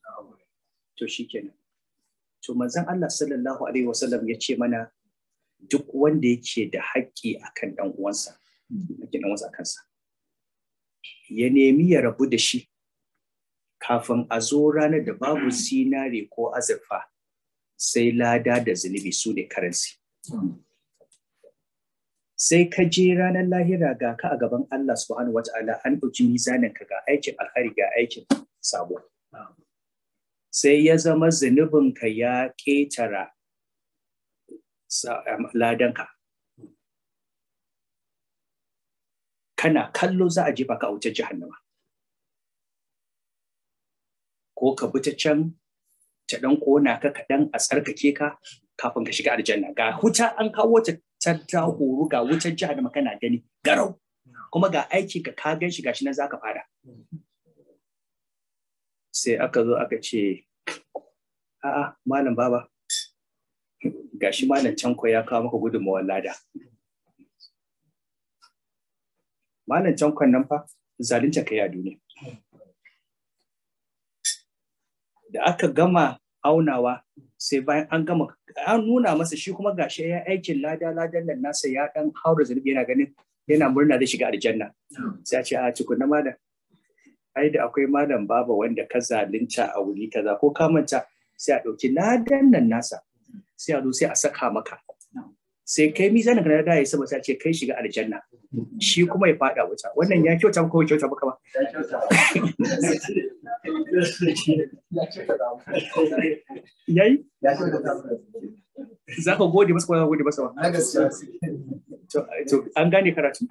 to shikenan to manzon Allah sallallahu alaihi wasallam ya ce mana duk wanda yake da haƙƙi akan dan uwansa yake dan uwansa kansa ya nemi ya rabu da shi kafin a zo ranar da babu sinare ko azurfa sai lada da zunubi su ne karansi. Hmm. Sai ka je ranar lahira ga ka a gaban Allah subhanahu wa ta'ala an ɗauki mizanin ka ga aikin alhari ga aikin sabo. Hmm. Sai ya zama zunubin ka ya ƙetara um, ladanka. Kana kallo za a jefa ka a wutar jahannama. Ko ka bi ta can ta ɗan kona ka kaɗan a tsarkake ka kafin ka shiga aljanna ga huta an kawo ta ta horo ga wutar jihar da makana gani garau kuma ga aiki ka ka gan shi gashi nan zaka fara sai aka zo aka ce a'a malam baba gashi malam canko ya kawo maka gudunmawar lada malam kwan nan fa zalunta kai a duniya da aka gama aunawa sai bayan an gama an nuna masa shi kuma gashi ya aikin lada ladan nan nasa ya dan haura zunubi yana ganin yana murna zai shiga aljanna sai a ce a tukunna malam ai da akwai malam baba wanda ka zalunta a wuri kaza ko ka manta sai a ɗauki ladan nan nasa sai a zo sai a saka maka sai kai mizanin ka da ya sama sai ce kai shiga aljanna shi kuma ya fada wuta wannan ya kyauta ko ya kyauta baka ba kama yayi za ka gode masa ko za ka gode masa ba to an gane karatu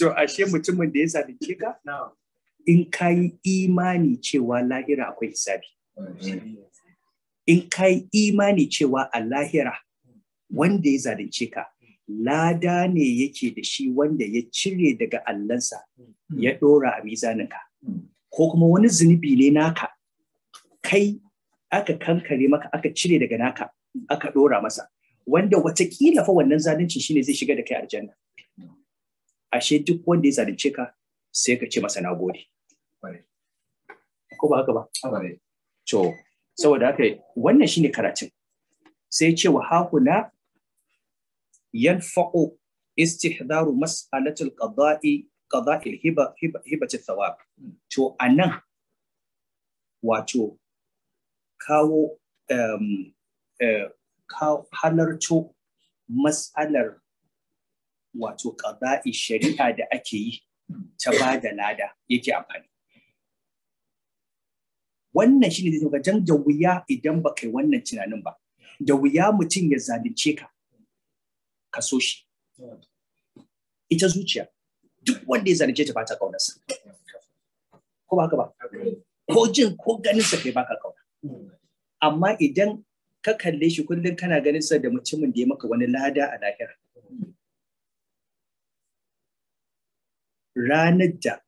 to ashe mutumin da ya zalunce ka in ka yi imani cewa lahira akwai hisabi in ka yi imani cewa a lahira wanda ya zalunce ka lada ne yake da shi wanda ya cire daga allansa ya hmm. ɗora a mizaninka ko kuma wani zunubi ne naka kai aka kankare maka aka cire daga naka aka ɗora masa wanda watakila fa wannan zalunci shine zai shiga da kai aljanna ashe duk wanda ya zalunce ka sai ka ce masa na gode ko ba haka ba to saboda haka wannan shine karatun sai ce wa hakuna yanfa'u istihdaru mas'alatul qada'i qada'il hiba hiba thawab to anan wato kawo um, halarto matsalar wato ƙaza'i shari'a da ake yi ta ba da lada yake amfani. Wannan shi ne zai ga da wuya idan ba kai wannan tunanin ba, da wuya mutum ya zalunce ka, ka shi ita zuciya duk wanda ya zarge ta bata sa ko ba ka ba ko jin ko ganin sa kai baka kauna amma idan ka kalle shi kullum kana ganin sa da mutumin da ya maka wani lada a lahira ranar da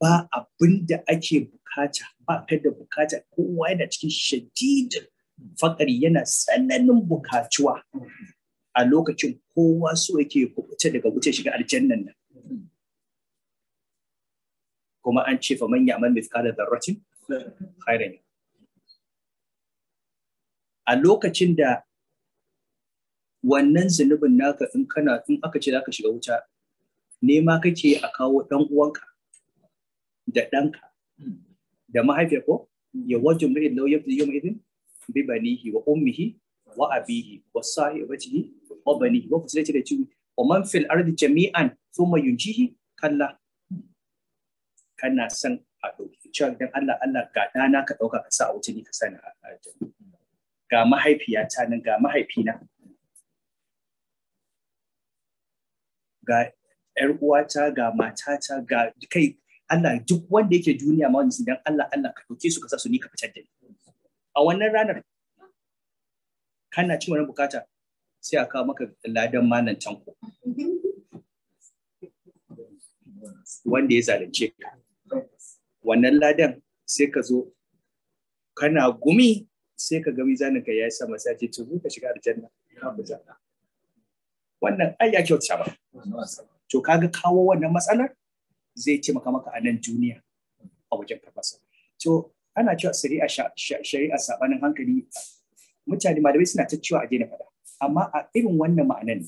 ba abin da ake bukata ba ka da bukata kowa yana cikin shadidin fakari yana tsananin bukatuwa a lokacin kowa so yake kubuce daga wuce shiga aljannan nan kuma an ce fa manya man mithqala dharratin khairan a lokacin da wannan zunubin naka in kana in aka ce zaka shiga wuta ne ma kake a kawo dan uwanka da ɗanka da mahaifiyar ko ya wajin mai lauyan yau mai idin bibanihi wa ummihi wa abihi wa sahibatihi obani lokacin da ce da ci wa man fil ardi jami'an thumma yunjihi kalla kana san a ɗauki cewa dan Allah Allah ga ɗana ka ɗauka ka sa a wuce ni ka sani a ga mahaifiyata nan ga mahaifina ga ‘yar uwata ga matata ga kai Allah duk wanda yake duniya ma wani dan Allah Allah ka ɗauke su ka sa su ni ka fitar da ni a wannan ranar kana cin wannan bukata sai a kawo maka ladan malam tanko wanda ya zalunce ka wannan ladan sai ka zo kana gumi sai ka ga mizanin ka ya sama sai ce tuzu ka shiga aljanna wannan ai ya kyauta ba to kaga kawo wannan matsalar zai taimaka maka a nan duniya a wajen kafasa. to ana cewa shari'a shari'a sabanin hankali mutane malamai suna ta cewa a daina faɗa amma a irin wannan ma'anan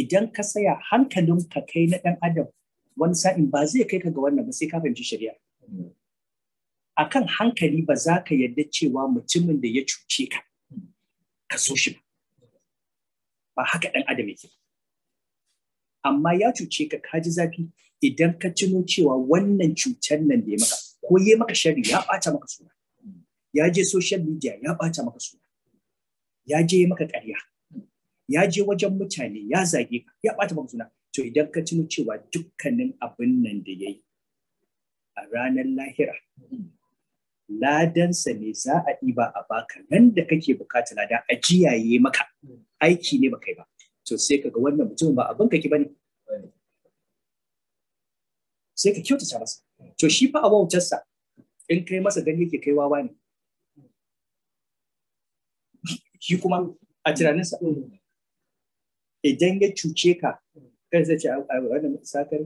idan ka saya hankalin ka kai na ɗan adam wani sa'in ba zai kai ka ga wannan ba sai ka fahimci shari'a kan hankali ba za ka yarda cewa mutumin da ya cuce ka ka so shi ba ba haka ɗan adam yake amma ya cuce ka ka ji zafi idan ka cino cewa wannan cutar nan da ya maka ko ya maka shari ya ɓata maka suna ya je social media ya ɓata maka suna ya je maka ƙarya ya je wajen mutane ya zage ka ya ɓata maka suna to idan ka tuno cewa dukkanin abin nan da ya yi a ranar lahira ladansa ne za a ɗiba a baka nan da kake bukata lada a jiyaye maka aiki ne baka yi ba to sai kaga wannan mutum ba abin kake bane sai ka kyautata masa to shi fa wautarsa, in kai masa gani ke kai wawa ne shi kuma a tunaninsa mm, idan ya cuce ka kan sai ce a wannan sakar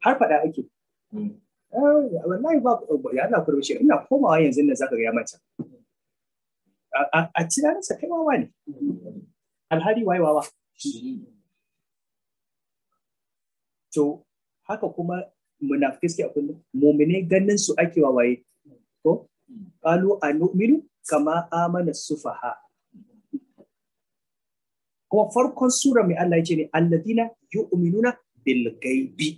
har faɗa ake mm. wallahi ba ya na kurbe shi ina komawa yanzu ne zaka ga ya mata a tunaninsa kai wawa ne alhari wai wawa to haka kuma munafikai suke a kullum mumine ganin su ake wawaye ko qalu nominu kama amana sufaha kuma farkon sura mai Allah ce ne alladina yu'minuna bil gaibi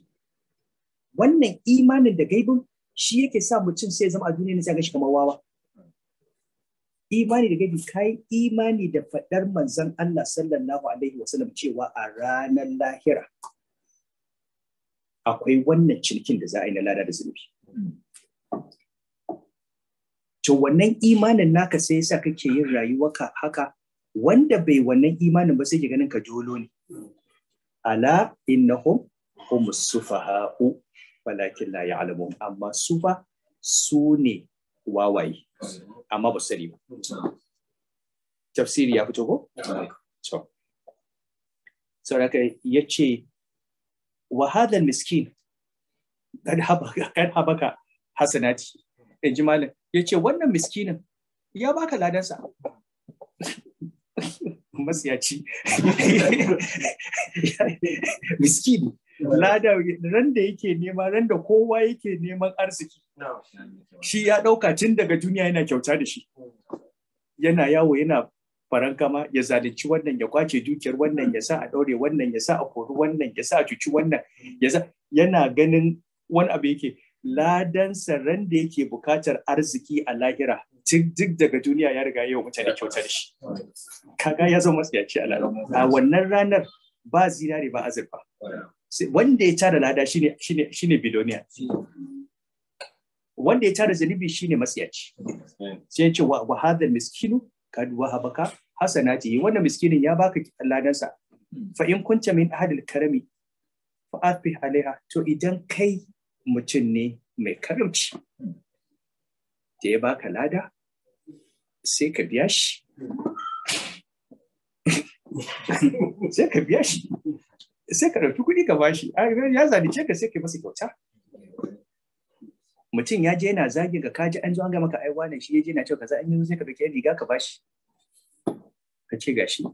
wannan imanin da gaibin shi yake sa mutum sai zama a duniya ne sai ga shi kamar wawa imani da gaibi kai imani da fadar manzon Allah sallallahu alaihi wasallam cewa a ranar lahira akwai wannan cinikin da za a yi na lada da zunubi to wannan imanin naka sai yasa kake yin rayuwarka haka wanda bai wannan imanin ba sai ki ganin ka jolo ne ala innahum hum sufaha'u walakin la ya'lamun amma su ba su ne wawaye amma ba sani ba tafsiri ya fito ko to ya ce wa miskin kad habaka hasanati in ji malam ce wannan miskinin ya baka ladansa masiyaci miskini lada ran da yake nema ran kowa yake neman arziki shi ya ɗauka tun daga duniya yana kyauta da shi yana yawo yana faran kama ya zalunci wannan ya kwace dukiyar wannan ya sa a ɗaure wannan ya sa a kori wannan ya sa a cuci wannan yana ganin wani abu yake ladansa sarran da yake bukatar arziki a lahira duk daga duniya ya riga yau mutane kyauta da shi kaga ya zama matsiyaci a lahira a wannan ranar ba zinare ba azurfa wanda ya tara lada shine shine shine bidoniya wanda ya tara zanibi shine matsiyaci sai ya ce wa hadha miskinu kad wahabaka hasanati eh, wannan miskinin ya baka ladansa fa in kunta min ahadil karami fa afih alaiha to idan kai mutum ne mai karamci da ya baka lada sai ka biya shi sai ka biya shi sai ka ɗauki kuɗi ka bashi ya zalice ka sai ka masa kyauta mutum ya je yana zagi ga kaji an zo an gama ka ai wannan shi ya je na cewa kaza an yi sai ka ɗauki riga ka bashi ka ce gashi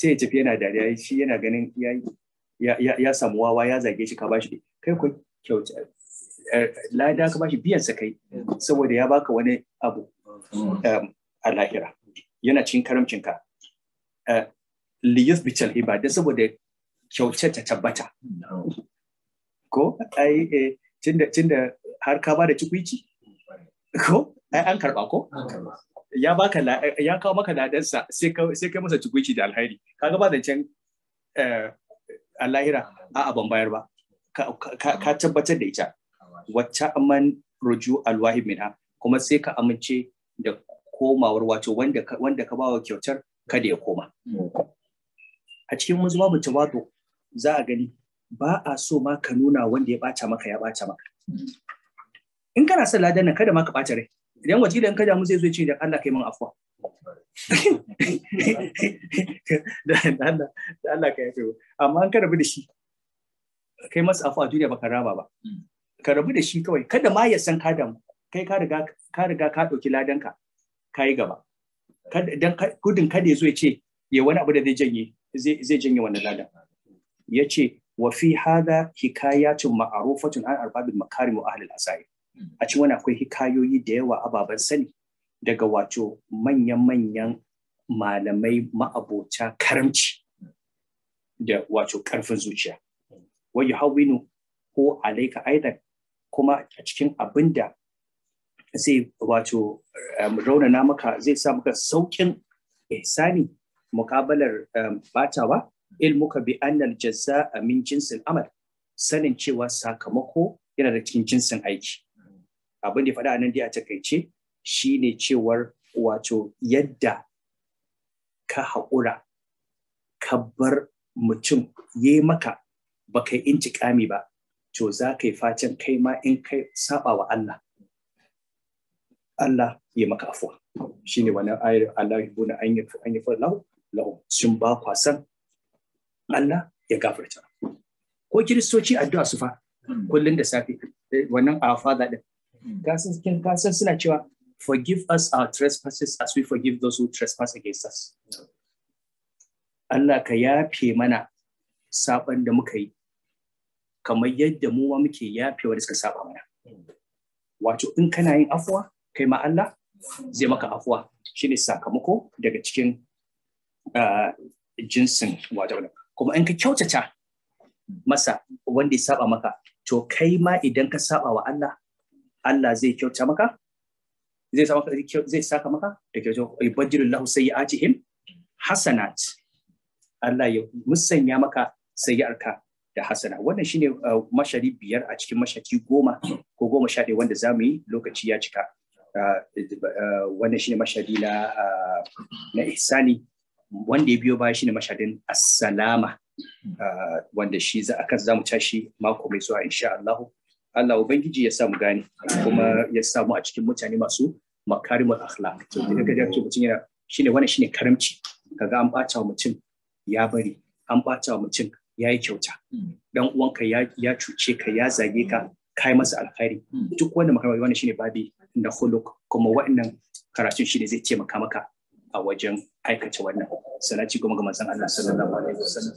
sai ya tafi yana dariya shi yana ganin ya ya samu wawa ya zage shi ka bashi kai ku kyauta eh, lada ka bashi biyan sa kai saboda ya baka wani abu um, a lahira yana cin karamcinka eh, liyus bical ibada saboda kyauta ta tabbata ko ai eh, tunda har ka ba da cikwici ko ai an karba ko ya baka ya kawo maka sa sai kai masa cikwici da alhairi kaga ba zancen alahira a ban bayar ba ka tabbatar da ita wacce aman ruju alwahid minha kuma sai ka amince da komawar wato wanda ka wanda ka bawa kyautar kada ya koma a cikin muzuma wato za a gani ba a so ma ka nuna wanda ya bata maka ya bata maka in kana son ladan nan kada ma ka bata rai idan wakilin ka damu zai zo ce da Allah kai min afwa da Allah ka yafe amma an ka rabu da shi kai masa afu a duniya baka raba ba hmm. ka rabu da shi kawai kada ma ya san ka damu kai ka riga ka riga ka ladanka ka yi gaba gudun kada ya zo ya ce ya wani abu da zai janye zai janye wannan ladan ya ce wa fi hada hikayatun ma'arufatun an arbabil makarim wa ahalin asayi. a cikin wani akwai hikayoyi da yawa ababen sani daga wato manyan-manyan malamai ma'abota karamci da wato karfin zuciya wa yuhawwinu ko alaika aidan kuma a cikin abin da zai wato um, raunana maka zai sa maka saukin ihsani mukabalar batawa um, ilmuka bi annal jazza min jinsin amal sanin cewa sakamako yana da cikin jinsin aiki abin da faɗa nan dai a takaice shine cewar wato yadda ka haƙura ka bar mutum ya maka ba kai intikami ba to za ka yi facen kai ma in kai saba wa Allah Allah ya maka afuwa shine wannan ayar Allah buna an yi an yi lau, sun ba kwasan Allah ya gafarta ko kiristoci addu'a su fa kullun da safe eh, wannan a fada din kasan kasan suna cewa forgive us our trespasses as we forgive those who trespass against us Allah ka yafe mana saban da muka yi kamar yadda mu ma muke yafewa da suka saba mana hmm. wato in kana yin afuwa kai ma Allah zai maka afuwa shine sakamako daga cikin ah, jinsin wato kuma in ka kyautata masa wanda ya saba maka to kai ma idan ka saba wa Allah Allah zai kyauta maka zai saka maka zai saka maka da kyauta ibadillahu sayyi'atihim hasanat Allah ya musanya maka sayyarka da hasana wannan shine uh, mashari biyar a cikin mashaki goma ko goma sha ɗaya wanda zamu yi lokaci ya cika uh, uh, wannan shine mashari na na ihsani wanda ya biyo baya shine mashadin assalama wanda shi za a kan zamu tashi mako mai zuwa insha Allah Allah ubangiji ya samu gani kuma ya samu a cikin mutane masu makarimul akhlaq to idan ka ga mutum yana shine wannan shine karamci kaga an bata wa mutum ya bari an bata wa mutum ya yi kyauta hmm. dan uwanka ya cuce ka ya zage ka kai masa alkhairi hmm. duk wanda maka wani shine babi na huluk kuma wannan karatun shine zai taimaka maka a wajen aikata wannan salati kuma ga manzon Allah sallallahu alaihi wasallam